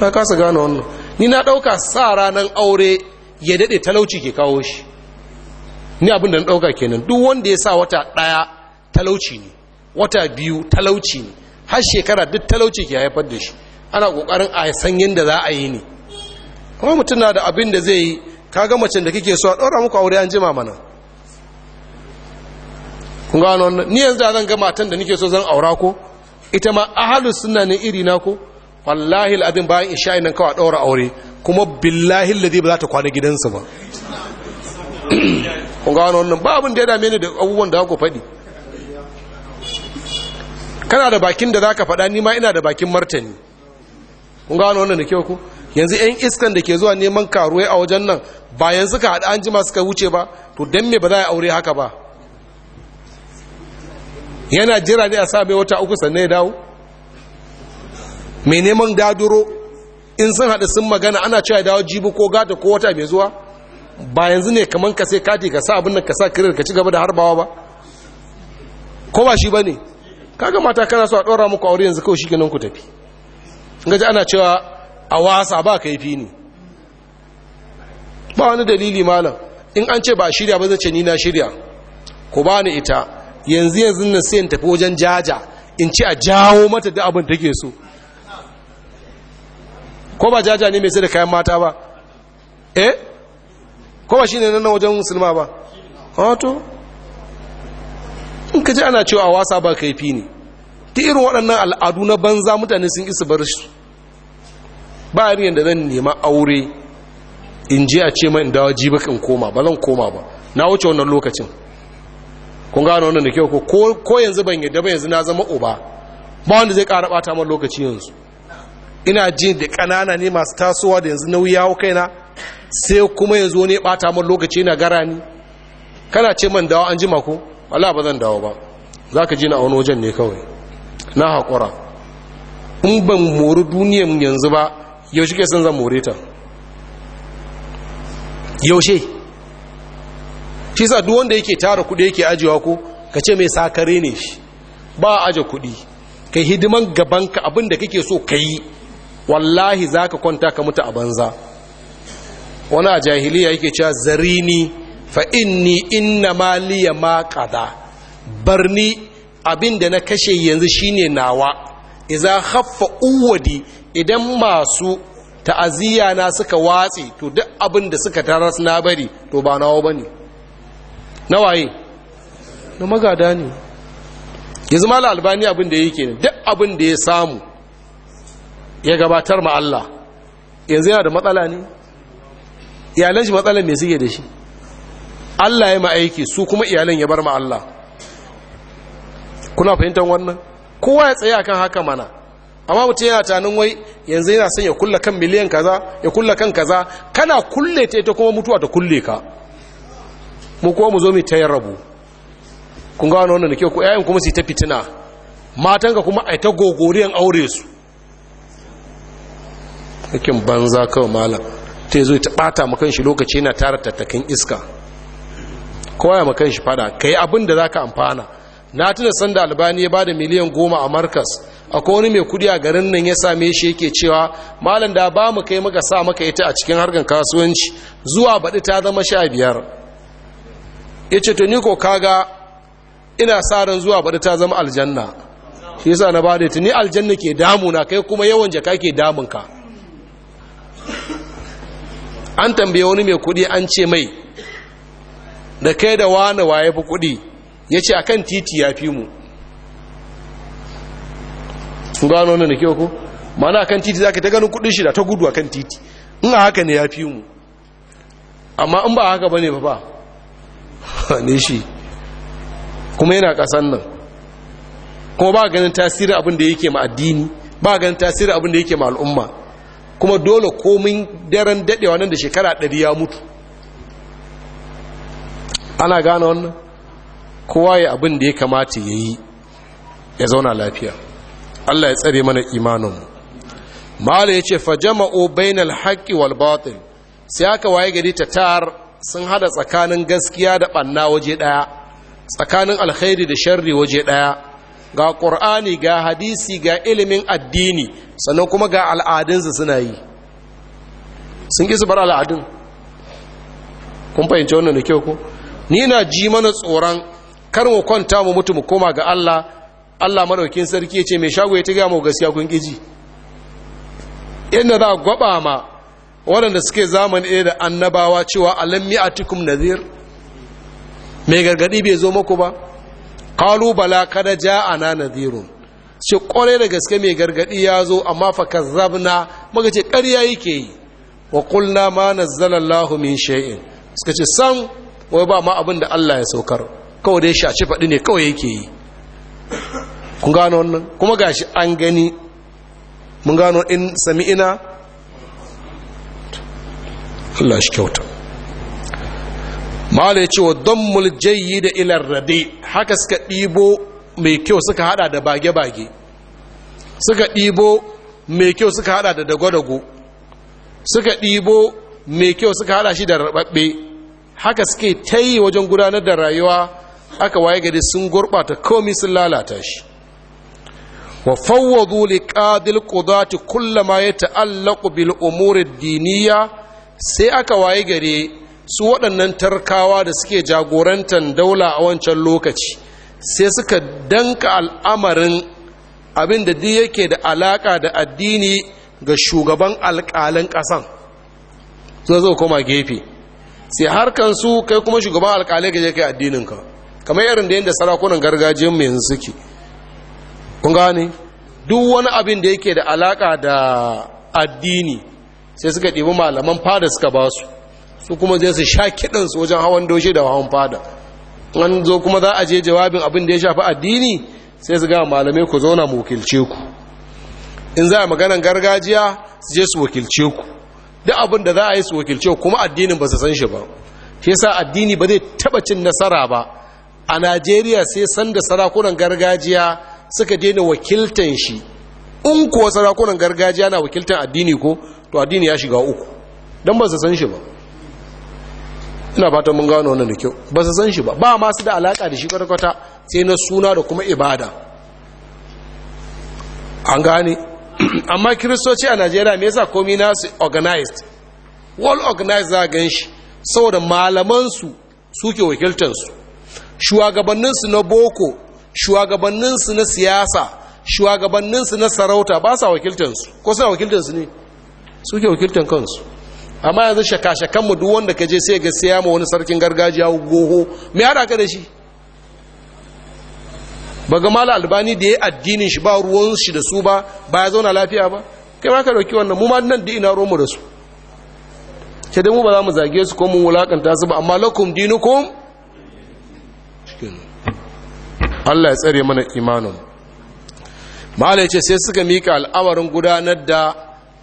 na kasa gane wannan ni na ɗauka sa ranar aure ya daɗe talauci ke kawo shi ni abin da na ɗauka kenan duk wanda ya sa wata ɗaya talauci ne wata biyu talauci ne har shekara duk talauci ke haifar da shi ana ƙoƙarin a san yadda za a yi ne kuma mutum na da abin da zai yi kaga macen da kike so a ɗora muku aure an jima mana kun wannan ni yanzu zan ga matan da nake so zan aura ko ita ma ahalus sunna ne iri na ko wallahi al'adun bayan isha'i nan kawai ɗora aure kuma billahi ladi ba za ta kwana gidansa ba Kunga wani wannan ba da ya dame ni da abubuwan da ku faɗi kana da bakin da za ka faɗa ni ma ina da bakin martani Kunga wani wannan da kyau ku yanzu 'yan iskan da ke zuwa neman karuwai a wajen nan bayan suka haɗa an jima suka wuce ba to don me ba za a aure haka ba yana jira ne a sa wata uku sannan ya dawo mai neman daduro in sun haɗu sun magana ana cewa dawo jibi ko gata ko wata mai zuwa ba yanzu ne kamar ka sai kati ka sa abin ka sa kirar ka ci gaba da harbawa ba ko ba shi ba ne kaga mata kana so a ɗora muku aure yanzu kawai shi ganin ku tafi gaji ana cewa a wasa ba ka yi ne ba wani dalili malam in an ce ba shirya ba zai ce ni na shirya ku ba ni ita yanzu yanzu na sai in tafi wajen jaja in ce a jawo mata da abin take so ko ba jaja ne mai sai da kayan mata ba eh ko ba shi ne nan wajen musulma ba wato ah, in ka ji ana cewa wasa ba kaifi ne ta irin waɗannan al'adu na banza mutane sun isa bar su ba a da zan nema aure in je a ce mai dawa jiba in koma ba zan koma ba na wuce wannan lokacin kun gano wannan da kyau ko yanzu ban yadda ba yanzu na zama uba ba wanda zai ƙara ɓata mana lokaci yanzu ina ji da ƙanana ne masu tasowa da yanzu nauyi yawo kaina sai kuma yanzu wani bata min lokaci na gara ni kana ce man dawo an jima ko wala ba zan dawo ba za ka ji na wani wajen ne kawai na haƙura in ban mori duniyan yanzu ba yaushe ke san zan more ta yaushe shi sa duk wanda yake tara kudi yake ajiyewa ko ka ce mai sakare ne shi ba aje ka kai hidiman gaban ka abinda kake so ka yi wallahi za ka kwanta ka mutu a banza wani a jahiliya yake cewa zarini fa inni inna maliya ma Bar barni abin da na kashe yanzu shine nawa iza haffa uwadi idan masu ta'aziyya na suka watsi to duk abin da suka taras na bari to ba nawa bane nawaye na magada ne yanzu mala albani abin da yake ne duk abin da ya samu ya gabatar ma Allah yanzu yana da matsala ne iyalan shi matsala mai suke da shi Allah ya ma'aiki su kuma iyalan ya bar ma Allah kuna fahimtar wannan kowa ya tsaye akan haka mana amma mutum yana tanin wai yanzu yana son ya kulla kan miliyan kaza ya kulla kan kaza kana kulle ta ita kuma mutuwa ta kulle ka mu kuma mu zo mu tayar rabu kun ga wannan da ke ku ƴaƴan kuma su ta fitina matanka kuma ai ta gogoriyan aure su sakin banza kawai malam ta zo ta bata makan shi lokaci yana tara tattakin iska koya makan shi fada ka yi abin da za ka amfana na tuna sanda albani ya bada miliyan goma a markas akwai wani mai kudi a garin nan ya same shi yake cewa malam da ba mu kai maka sa maka ita a cikin harkar kasuwanci zuwa baɗi ta zama sha biyar ya ce to ni ko kaga ina sa ran zuwa baɗi ta zama aljanna shi yasa na bada ita ni aljanna ke damuna kai kuma yawan jaka ke damunka an tambaye wani mai kudi an ce mai da kai da wani waye fi kudi ya ce akan titi ya fi mu gano wani da kyau ko mana akan titi za ka ta ganin kudin shida ta gudu akan titi in a haka ne ya fi mu amma in ba haka ba ne ba ba ne shi kuma yana kasan nan kuma ba ganin tasirin abin da yake ma addini ba ganin tasirin abin da yake ma al'umma kuma dole komin daren dadewa nan da shekara ɗari ya mutu ana gane wannan kowa ya abin da ya kamata ya yi ya zauna lafiya Allah ya tsare mana imanin mala ya ce fajama'o bainal haƙƙi wal batin sai aka waye gari ta tar sun hada tsakanin gaskiya da ɓanna waje ɗaya tsakanin alkhairi da sharri waje ɗaya ga ƙur'ani ga hadisi ga ilimin addini sannan kuma ga al'adunsa suna yi sun ƙi su bar al'adun kun fahimci wannan da kyau ko ni na ji mana tsoron kar mu kwanta mu mutu mu koma ga Allah Allah madaukin sarki ya ce mai shago ya ta gaya gaskiya kun ƙiji inda za a gwaba ma waɗanda suke zamani ɗaya da annabawa cewa alam tukum nazir mai gargaɗi bai zo muku ba kalu bala ja ja'ana nadirun ce kwarai da gaske mai gargadi ya zo amma fa kazzabna muka ce ƙarya yake yi wa qulna ma nazzala Allahu min shay'in suka ce san wai ba ma abin da Allah ya saukar kawai dai shaci faɗi ne kawai yake yi kun gano wannan kuma gashi an gani mun gano in sami'ina Allah shi kyauta mala ya ce wa dammul jayi da ilar rabe haka suka ɗibo mai kyau suka hada da bage-bage suka ɗibo mai kyau suka hada da dago-dago suka ɗibo mai kyau suka hada shi da rababbe haka suke ta yi wajen gudanar da rayuwa aka waye gari sun gurɓata komi sun lalata shi wa fawwadu li qadil qudati kullama yata'allaqu bil umuri diniya sai aka waye gari. su waɗannan tarkawa da suke jagorantar daula a wancan lokaci sai suka danka al'amarin abin da duk yake da alaƙa da addini ga shugaban alƙalin ƙasan sai zo koma gefe sai harkan su kai kuma shugaban alƙalai ga yake addininka kamar irin da yadda sarakunan gargajiyar mu yanzu suke kun gane duk wani abin da yake da alaƙa da addini sai suka ɗibi malaman fada suka ba su su kuma zai su sha kiɗansu wajen hawan doshe da hawan fada an zo kuma za a je jawabin abin da ya shafi addini sai su gama malamai ku zauna mu wakilce ku in za a maganan gargajiya su je su wakilce ku duk abin da za a yi su wakilce ku kuma addinin ba su san shi ba shi yasa addini ba zai taɓa cin nasara ba a najeriya sai san da sarakunan gargajiya suka daina wakiltan shi in kuwa sarakunan gargajiya na wakiltan addini ko to addini ya shiga uku don ba su san shi ba ina fatan mun gano wannan da kyau ba su san shi ba ba masu da alaka da shi kwata-kwata sai na suna da kuma ibada an gane (clears throat) amma kiristoci a najeriya me yasa komi su organized wall organized za a gan shi saboda malamansu suke wakiltansu shugabanninsu na boko shugabanninsu na siyasa shugabanninsu na sarauta ba sa wakiltansu ko suna wakiltansu ne suke wakiltan kansu amma yanzu shaka shakanmu mu duk wanda ka je sai ga siya ma wani sarkin gargajiya goho me hada ka da shi ba ga mala albani da ya addinin shi ba ruwan shi da su ba ba ya zauna lafiya ba kai ba ka dauki wannan mu ma nan da ina romu da su ke dai mu ba za mu zage su ko mun wulakanta su ba amma lakum dinukum Allah ya tsare mana imanin mala ya ce sai suka mika al'awarin gudanar da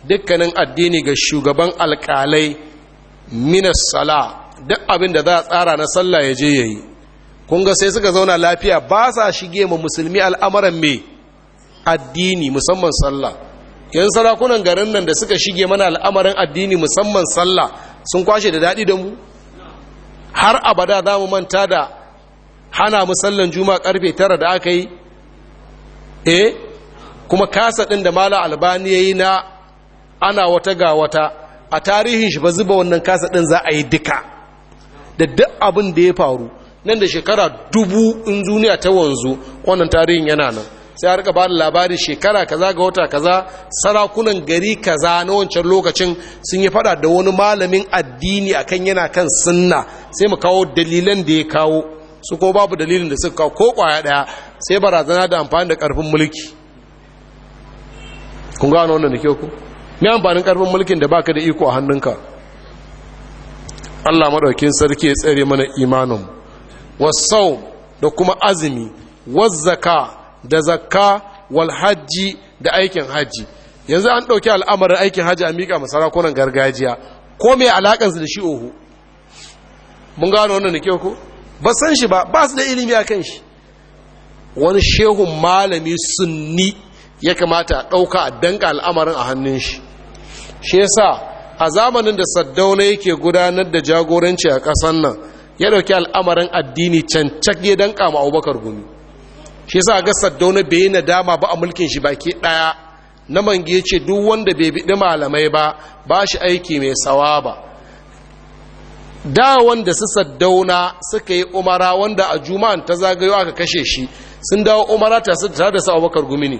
dukkanin addini ga shugaban alkalai minas sala duk abin da za a tsara na sallah ya je ya yi kun ga sai suka zauna lafiya ba sa shige ma musulmi al'amuran mai addini musamman sallah yan sarakunan garin nan da suka shige mana al'amarin addini musamman sallah sun kwashe da daɗi da mu har abada za mu manta da hana mu sallan juma karfe tara da aka yi eh kuma kasa ɗin da mala albani ya yi na ana wata ga wata a tarihin shi ba zuba wannan kasa ɗin za a yi duka da duk abin da ya faru nan da shekara dubu in duniya ta wanzu wannan tarihin yana nan sai a rika bada labarin shekara kaza ga wata kaza sarakunan gari kaza na wancan lokacin sun yi fada da wani malamin addini akan yana kan sunna sai mu kawo dalilan da ya kawo su ko babu dalilin da suka kawo ko kwaya daya sai barazana da amfani da karfin mulki kun gano wannan da ke ku Ni amfanin karfin mulkin da baka da iko a hannunka Allah madaukin sarki ya tsare mana imanin wasau da kuma azumi wazzaka da zakka wal hajji da aikin hajji yanzu an ɗauki al'amarin aikin hajji a mika miƙa nan gargajiya ko mai alaƙansu da shi oho mun gano wannan nake ko ba san shi ba ba su da ilimi a kan shi wani shehun malami sunni ya kamata a ɗauka a danka al'amarin a hannun shi shi yasa a zamanin da saddauna yake gudanar da jagoranci a ƙasar nan ya ɗauki al'amarin addini cancak ya danka ma abubakar gumi shi yasa ga saddauna bai yi nadama ba a mulkin shi baki ɗaya na mange ce duk wanda bai biɗi malamai ba ba shi aiki mai sawa ba da wanda su saddauna suka yi umara wanda a juma'an ta zagayo aka kashe shi sun dawo umara ta su da su abubakar gumi ne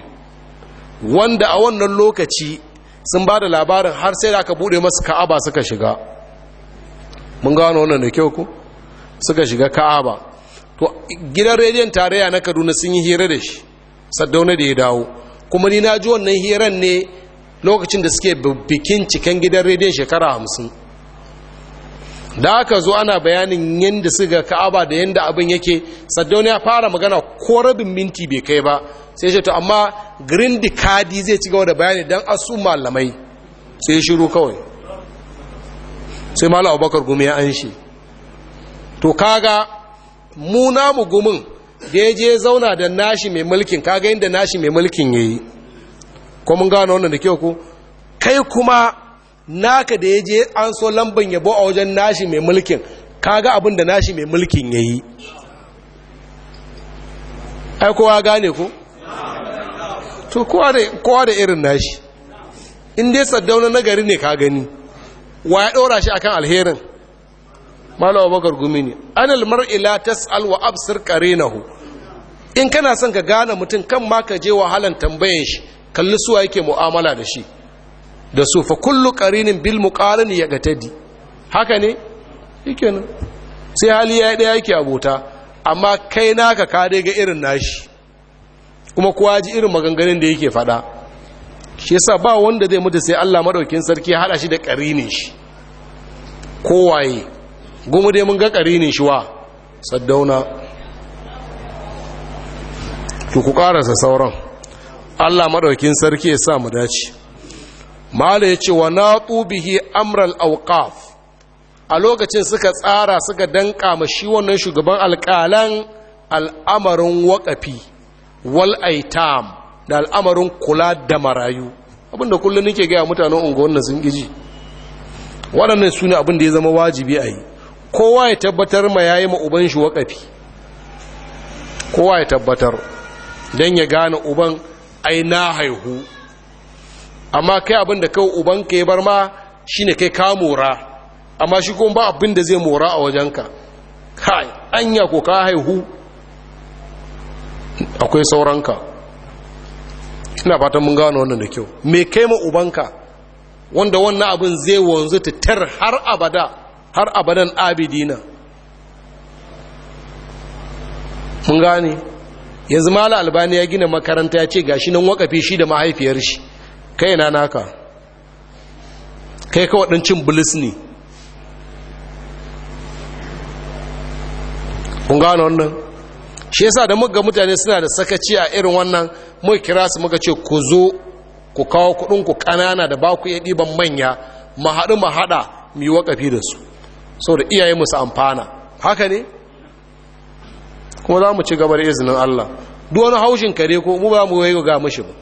wanda a wannan lokaci sun ba da labarin har sai da aka bude masu ka'aba suka shiga mun gano wannan da kyau ku suka shiga ka'aba to gidan rediyon tarayya na kaduna sun yi hira da shi saddauna da ya dawo kuma ni na ji wannan hiran ne lokacin da suke bikin cikin gidan rediyon shekara hamsin da aka zo ana bayanin yadda suka ka'aba da yadda abin yake saddauna ya fara magana ko rabin minti bai kai ba sai ce to amma green dikadi zai ci gaba da bayani don asu malamai sai shiru kawai sai malam abubakar gumi ya an shi to kaga mu namu gumin da ya je zauna da nashi mai mulkin kaga inda nashi mai mulkin yayi ko mun gano wannan da kyau ko kai kuma naka da ya je an so lamban yabo a wajen nashi mai mulkin kaga abin da nashi mai mulkin yayi ai aikowa gane ku. to kowa da irin nashi in dai saddauna nagari ne ka gani wa ya ɗora shi akan alherin malawa bakar gumi ne anil mar'ila tas'al wa absir qarenahu in kana son ka gane mutum kan ma ka je wahalan tambayen shi kalli suwa yake mu'amala da shi da su fa kullu qarinin bil muqarin ya gatadi haka ne nan. sai hali ya ɗaya yake abota amma kai naka ka dai ga irin nashi kuma kowa ji irin maganganun da yake faɗa shi yasa ba wanda zai mutu sai Allah madaukin sarki hada shi da karinin shi kowaye gumu dai mun ga karinin shi wa saddauna to ku karasa sauran Allah madaukin sarki ya sa mu dace mala yace wa natu bihi amral awqaf a lokacin suka tsara suka danka ma shi wannan shugaban alƙalan al'amarin waƙafi wal aitam da al'amarin kula da marayu abinda kullum nake gaya mutanen unguwan nan sun giji waɗannan su ne abin da ya zama wajibi a yi kowa ya tabbatar ma ya yi ma uban shi waƙafi kowa ya tabbatar don ya gane uban ai na haihu amma kai abin da uban ka ya bar ma shi ne kai ka mora amma shi kuma ba abin zai mora a wajenka kai anya ko ka haihu akwai sauranka ina fatan mun gano wannan da kyau me kai ma ubanka wanda wannan abin zai wanzu titar har abada har abadan abidina mun gane yanzu mala albani ya gina makaranta ya ce gashi nan wakafi shi da mahaifiyar shi kai na naka kai kawai ɗancin bulis ne kun gane wannan shi yasa da muka mutane suna da sakaci a irin wannan mun kira su muka ce ku zo ku kawo kuɗin ku ƙanana da ba ku iya ɗiban manya mu haɗu mu haɗa mu yi wakafi da su saboda iyaye musu amfana haka ne kuma za mu ci gaba da izinin Allah duk wani haushin kare ko mu ba mu yi ga mishi ba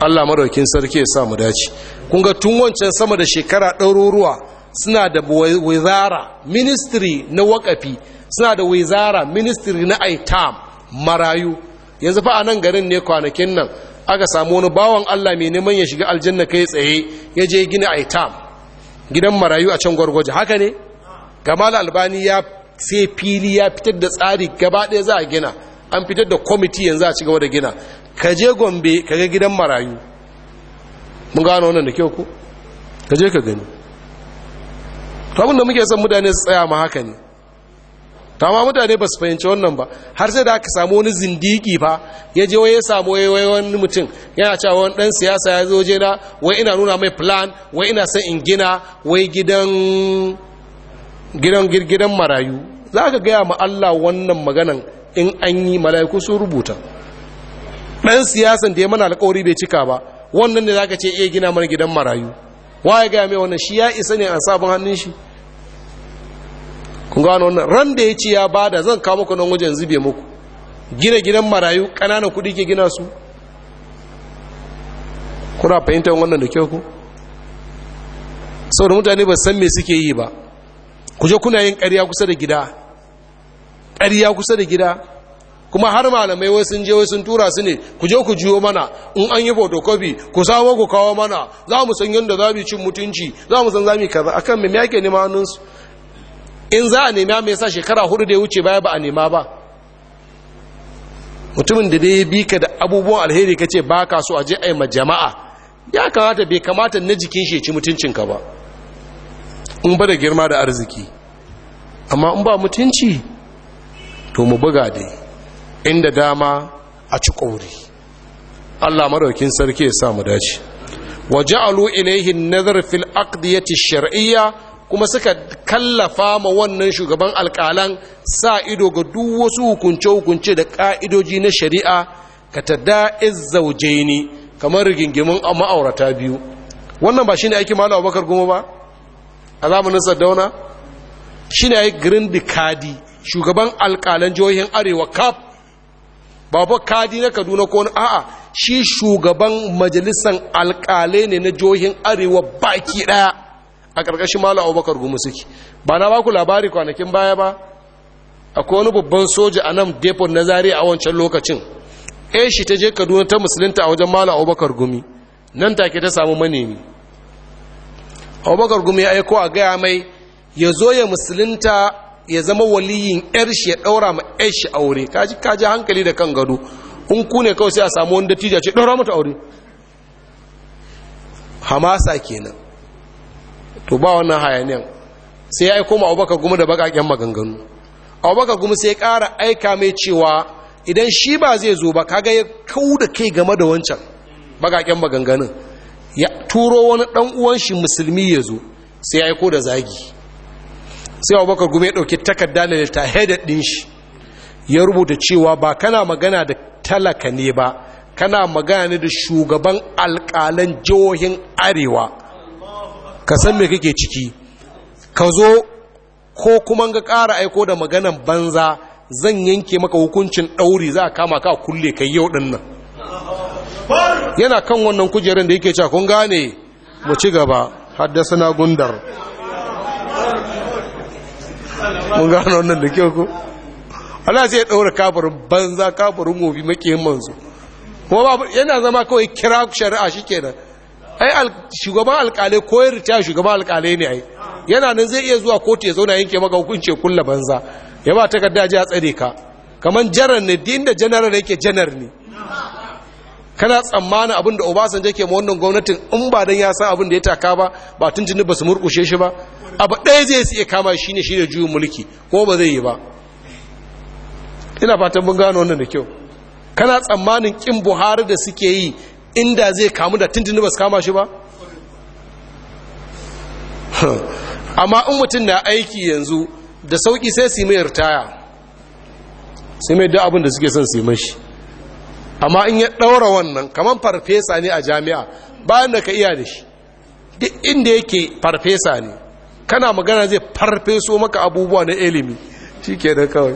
Allah madaukin sarki ya sa mu dace kun ga tun wancan sama da shekara ɗaruruwa suna da wizara ministry na wakafi. suna da wizara ministry na aitam marayu yanzu fa a nan garin ne kwanakin nan aka samu wani bawan Allah mai neman ya shiga aljanna kai tsaye ya je gina aitam gidan marayu a can gwargwaje haka ne gamal albani ya sai fili ya fitar da tsari gaba ɗaya za a gina an fitar da kwamiti yanzu a cigaba da gina ka je gombe ka ga gidan marayu mun gano wannan da kyau ku ka je ka gani abin da muke son mutane su tsaya ma haka ne ma mutane ba su fahimci wannan ba har sai da aka samu wani zindiki fa ya je waye samu waye wani mutum yana cewa wani dan siyasa ya zo je na wai ina nuna mai plan wai ina son in gina wai gidan gidan girgidan marayu za ka gaya ma Allah wannan maganan in an yi mala'iku sun rubuta dan siyasan da ya mana alƙawari bai cika ba wannan ne za ka ce iya eh, gina mana gidan marayu waye gaya mai wannan shi ya isa ne a sabon hannun shi kun gano wannan ran da ya ce ya bada zan kawo muku nan wajen zube muku gina gidan marayu ƙananan kuɗi ke gina su kuna fahimtar wannan da kyau ku saboda mutane ba san me suke yi ba ku je kuna yin ƙarya kusa da gida ƙarya kusa da gida kuma har malamai wai sun je wai sun tura su ne ku je ku jiyo mana in an yi photocopy ku samo ku kawo mana za mu san yadda za mu cin mutunci za mu san za mu kaza akan me yake nema hannunsu in za a nema mai sa shekara hudu da ya wuce baya ba a nema ba mutumin da dai bi ka da abubuwan alheri ka ce ba ka so a je a ma jama'a ya kamata bai kamata na jikin shi ci mutuncinka ba in ba da girma da arziki amma in ba mutunci to mu buga dai inda dama a ci kauri. allah maraukin sarki ya samu dace wa ja'alu ilaihin nazar fil aqdiyati shar'iyya kuma suka kallafa ma wannan shugaban alƙalan sa ido ga duk wasu hukunce-hukunce da ƙa'idoji na shari'a ka ta da'iz ne kamar rigingimin ma'aurata biyu wannan ba shi ne aiki malu abubakar goma ba a zamanin sardauna shi ne aiki girin kadi shugaban alƙalan jihohin arewa kaf babu kadi na kaduna ko wani a'a shi shugaban majalisar alkalai ne na jihohin arewa baki ɗaya. a ƙarƙashin malu abubakar gumu suke ba na baku labari kwanakin baya ba akwai wani babban soja a nan depot na zari a wancan lokacin ɗan shi ta je kaduna ta musulunta a wajen malu abubakar gumi nan take ta samu manemi abubakar gumi ya aiko a gaya mai ya zo ya musulunta ya zama waliyin yar shi ya ɗaura ma yar shi aure kaji kaji hankali da kan gado in ku ne kawai sai a samu wani dattija ce ɗaura mata aure hamasa kenan to ba wannan hayaniyan sai ya aiko ma abubakar gumi da bakaken maganganu abubakar gumi sai ya ƙara aika mai cewa idan shi ba zai zo ba kaga ya kau da kai game da wancan bakaƙen maganganun ya turo wani ɗan uwan shi musulmi ya zo sai ya aiko da zagi sai abubakar gumi ya ɗauki takarda da ta ɗin shi ya rubuta cewa ba kana magana da talaka ne ba kana magana ne da shugaban alƙalan jihohin arewa ka san me kake ciki ka zo ko kuma ga ƙara aiko da maganan banza zan yanke maka hukuncin ɗauri za a kama ka kulle kai yau ɗin nan yana kan wannan kujerin da yake cakon gane mu ci gaba haddasa na gundar mun gano wannan da kyau ko Allah sai ya ɗaura kafarin banza kafarin mobi makiyin manzo kuma yana zama kawai kira shari'a shi kenan ai shugaban alkalai ko ya ritaya shugaban alkalai ne ai yana nan zai iya zuwa kotu ya zauna yanke maka hukunci kulla banza ya ba takarda ji a tsare ka Kamar jaran ne din da janar yake janar ne kana tsammanin abin da obasanjo yake ma wannan gwamnatin in ba dan ya san abin da ya taka ba ba tun jini ba su murkushe shi ba abu ɗaya zai su iya kama shi ne shi da juyin mulki ko ba zai yi ba ina fatan mun gano wannan da kyau kana tsammanin kin buhari da suke yi inda zai kamu da tuntuni ba su kama shi ba (laughs) amma in mutum na aiki yanzu da sauki sai su mai ritaya Su mai duk abin da suke son su mashi amma in ya ɗaura wannan kamar farfesa ne a jami'a bayan da ka iya da shi duk inda yake farfesa ne kana magana zai farfeso maka abubuwa na ilimi shi ke da kawai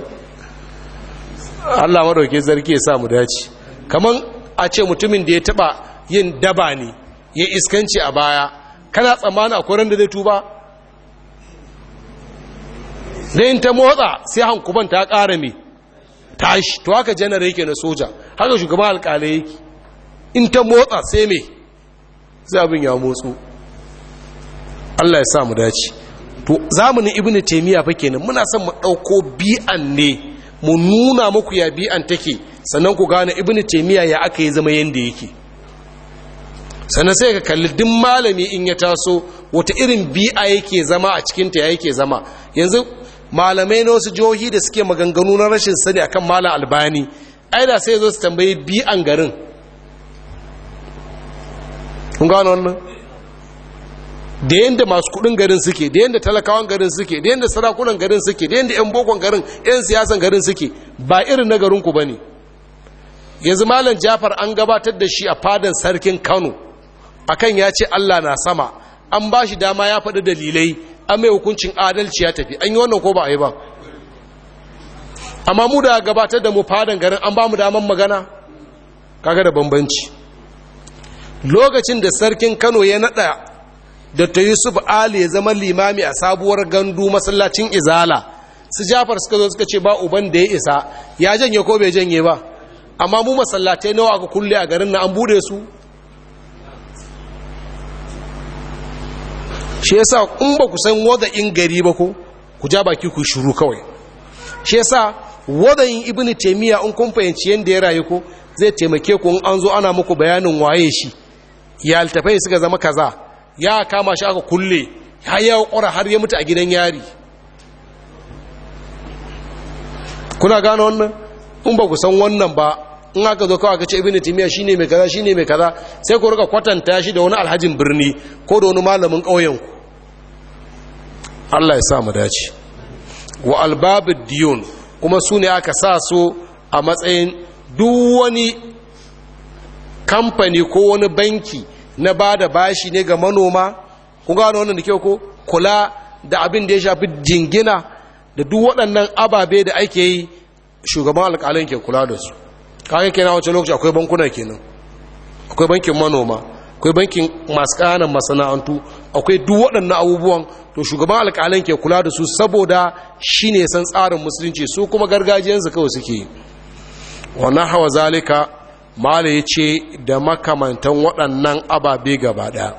allah maɗauke zarki ya samu dace kamar a ce mutumin da ya taba yin daba ne ya iskanci a baya kana tsammanin akwai ran da zai tuba da yin ta motsa sai hankuban ta ƙara mai tashi to haka janar yake na soja haka shugaban alkalai yake in ta motsa sai mai sai abin ya motsu Allah ya sa mu dace to zamanin ibnu ba fa kenan muna son mu ɗauko bi'an ne mu nuna muku ya bi'an take sannan ku gane ibini taimiyya ya aka yi zama yadda yake sannan sai ka kalli duk malami in ya taso wata irin bi'a yake zama a cikinta ya yake zama yanzu malamai na wasu jihohi da suke maganganu na rashin sani akan malam albani ai da sai zo su tambayi bi'an garin kun gano wannan da yadda masu kudin garin suke da yadda talakawan garin suke da yadda sarakunan garin suke da yadda 'yan bokon garin 'yan siyasan garin suke ba irin na garinku ba ne yanzu malam jafar an gabatar da shi a fadan sarkin kano akan ya ce allah na sama an ba shi dama ya faɗi dalilai an mai hukuncin adalci ya tafi an yi wannan ko ba a yi ba amma mu da gabatar da mu fadan garin an ba mu daman magana kaga da bambanci lokacin da sarkin kano ya naɗa dr yusuf ali ya zama limami a sabuwar gandu masallacin izala su jafar suka zo suka ce ba uban da ya isa ya janye ko bai janye ba amma mu masallatai nawa aka kulle a garin na an bude su shi yasa in ba ku san wada'in gari ba ko ku ja baki ku shuru kawai shi yasa wada'in ibn taymiya in kun fahimci yanda ya rayu ko zai taimake ku an zo ana muku bayanin waye shi ya altafai suka zama kaza ya kama shi aka kulle ya yi kora har ya mutu a gidan yari kuna gano wannan in ba ku san wannan ba in aka zo kawai ka ce ibnu timiya shine mai kaza shine mai kaza sai ku rika kwatanta shi da wani alhajin birni ko da wani malamin ƙauyen ku Allah ya sa mu dace wa albabin diyun kuma su ne aka sa su a matsayin duk wani kamfani ko wani banki na ba da bashi ne ga manoma ku gano wannan da ke ko kula da abin da ya shafi jingina da duk waɗannan ababe da ake yi shugaban alƙalin ke kula da su kaga kenan wace lokaci akwai bankuna kenan akwai bankin manoma akwai bankin masu ƙananan masana'antu akwai duk waɗannan abubuwan to shugaban alƙalin ke kula da su saboda shi ne san tsarin musulunci su kuma gargajiyar kawai suke wannan hawa zalika mala ya ce da makamantan waɗannan ababe gaba ɗaya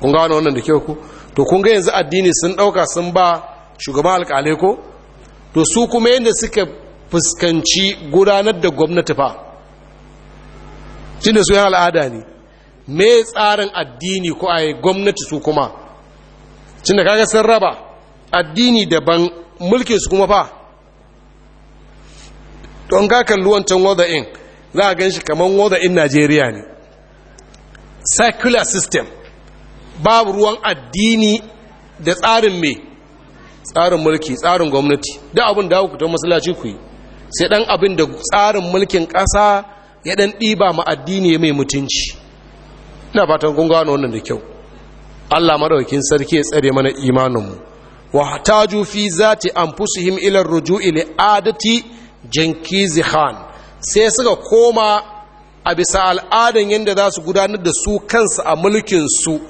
kun gano wannan da kyau ku to kun ga yanzu addini sun ɗauka sun ba shugaban alƙalai ko to su kuma yadda suka fuskanci gudanar da gwamnati fa cinda su yan al'ada ne me tsarin addini ko a gwamnati su kuma cinda kaga sun raba addini daban mulkin su kuma fa don ka luwancin wancan wada'in za a gan shi kamar wada'in najeriya ne Circular system babu ruwan addini da tsarin mai tsarin mulki tsarin gwamnati da abin da ku ta masallaci ku yi sai ɗan abin da tsarin mulkin ƙasa ya ɗan ɗiba ma addini mai mutunci ina fatan kun gano wannan da kyau allah maɗaukin sarki ya tsare mana imaninmu wa taju fi zati anfusihim ila ruju'i li adati jankizi khan sai suka koma a bisa al'adan yanda za su gudanar da su kansu a mulkin su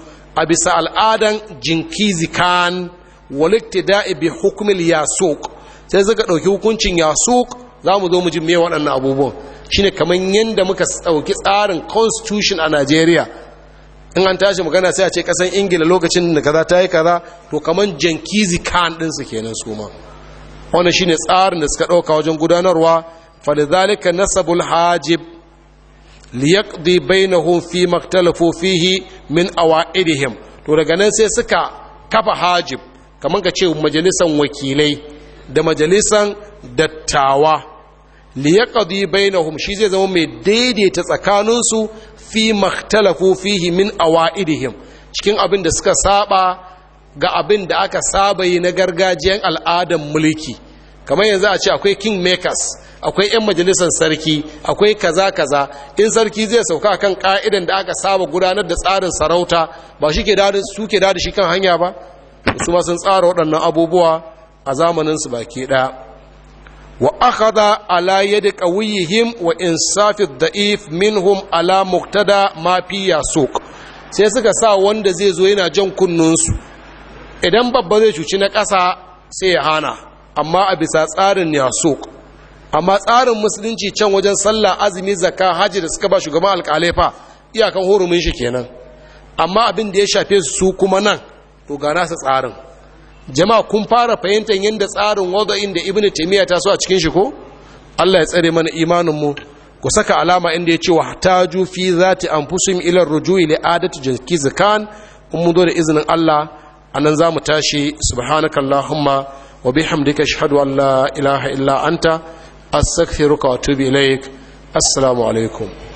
a bisa al'adan jinkizi khan waliktida bi hukmil yasuk sai suka ɗauki hukuncin yasuk za mu zo mu ji me waɗannan abubuwan ne kamar yadda muka ɗauki tsarin constitution a Najeriya in an tashi magana sai a ce kasan ingila lokacin da kaza ta yi kaza to kamar jankizi kan ɗinsu kenan su ma shi ne tsarin da suka ɗauka wajen gudanarwa falidhalika nasabul hajib liyaqdi bainahum fi maktalafu fihi min awaidihim to daga nan sai suka kafa hajib kamar ka ce majalisan wakilai da majalisan dattawa liyaqdi bainahum shi zai zama mai daidaita tsakaninsu fi makhtalafu fihi min awaidihim cikin abin da suka saba ga abin da aka saba yi na gargajiyan al'adar mulki kamar yanzu a ce akwai king makers akwai 'yan majalisar sarki akwai kaza kaza in sarki zai sauka kan ka'idan da aka saba gudanar da tsarin sarauta ba shi ke da su ke shi kan hanya ba su ma sun tsara waɗannan abubuwa a zamaninsu baki ɗaya wa akhadha ala yadi wa insafi da'if minhum ala muktada ma sai suka sa wanda zai zo yana jan kunnunsu. idan babba zai cuci na ƙasa sai ya hana amma a bisa tsarin yasuq amma tsarin musulunci can wajen sallah azumi zakka haji da suka ba shugaban alƙalai fa iyakan hurumin shi kenan amma abin da ya shafe su kuma nan to ga nasa tsarin jama'a kun fara fahimtar yadda tsarin wada'in da ibnu taymiya ta so a cikin shi ko Allah ya tsare mana imaninmu ku saka alama inda ya ce wa ta ju fi zati sun ilar rujui li adatu jinki zakan in mun zo da izinin Allah anan zamu tashi Allahumma, wa bihamdika ashhadu an la ilaha illa anta wa ilaik assalamu alaikum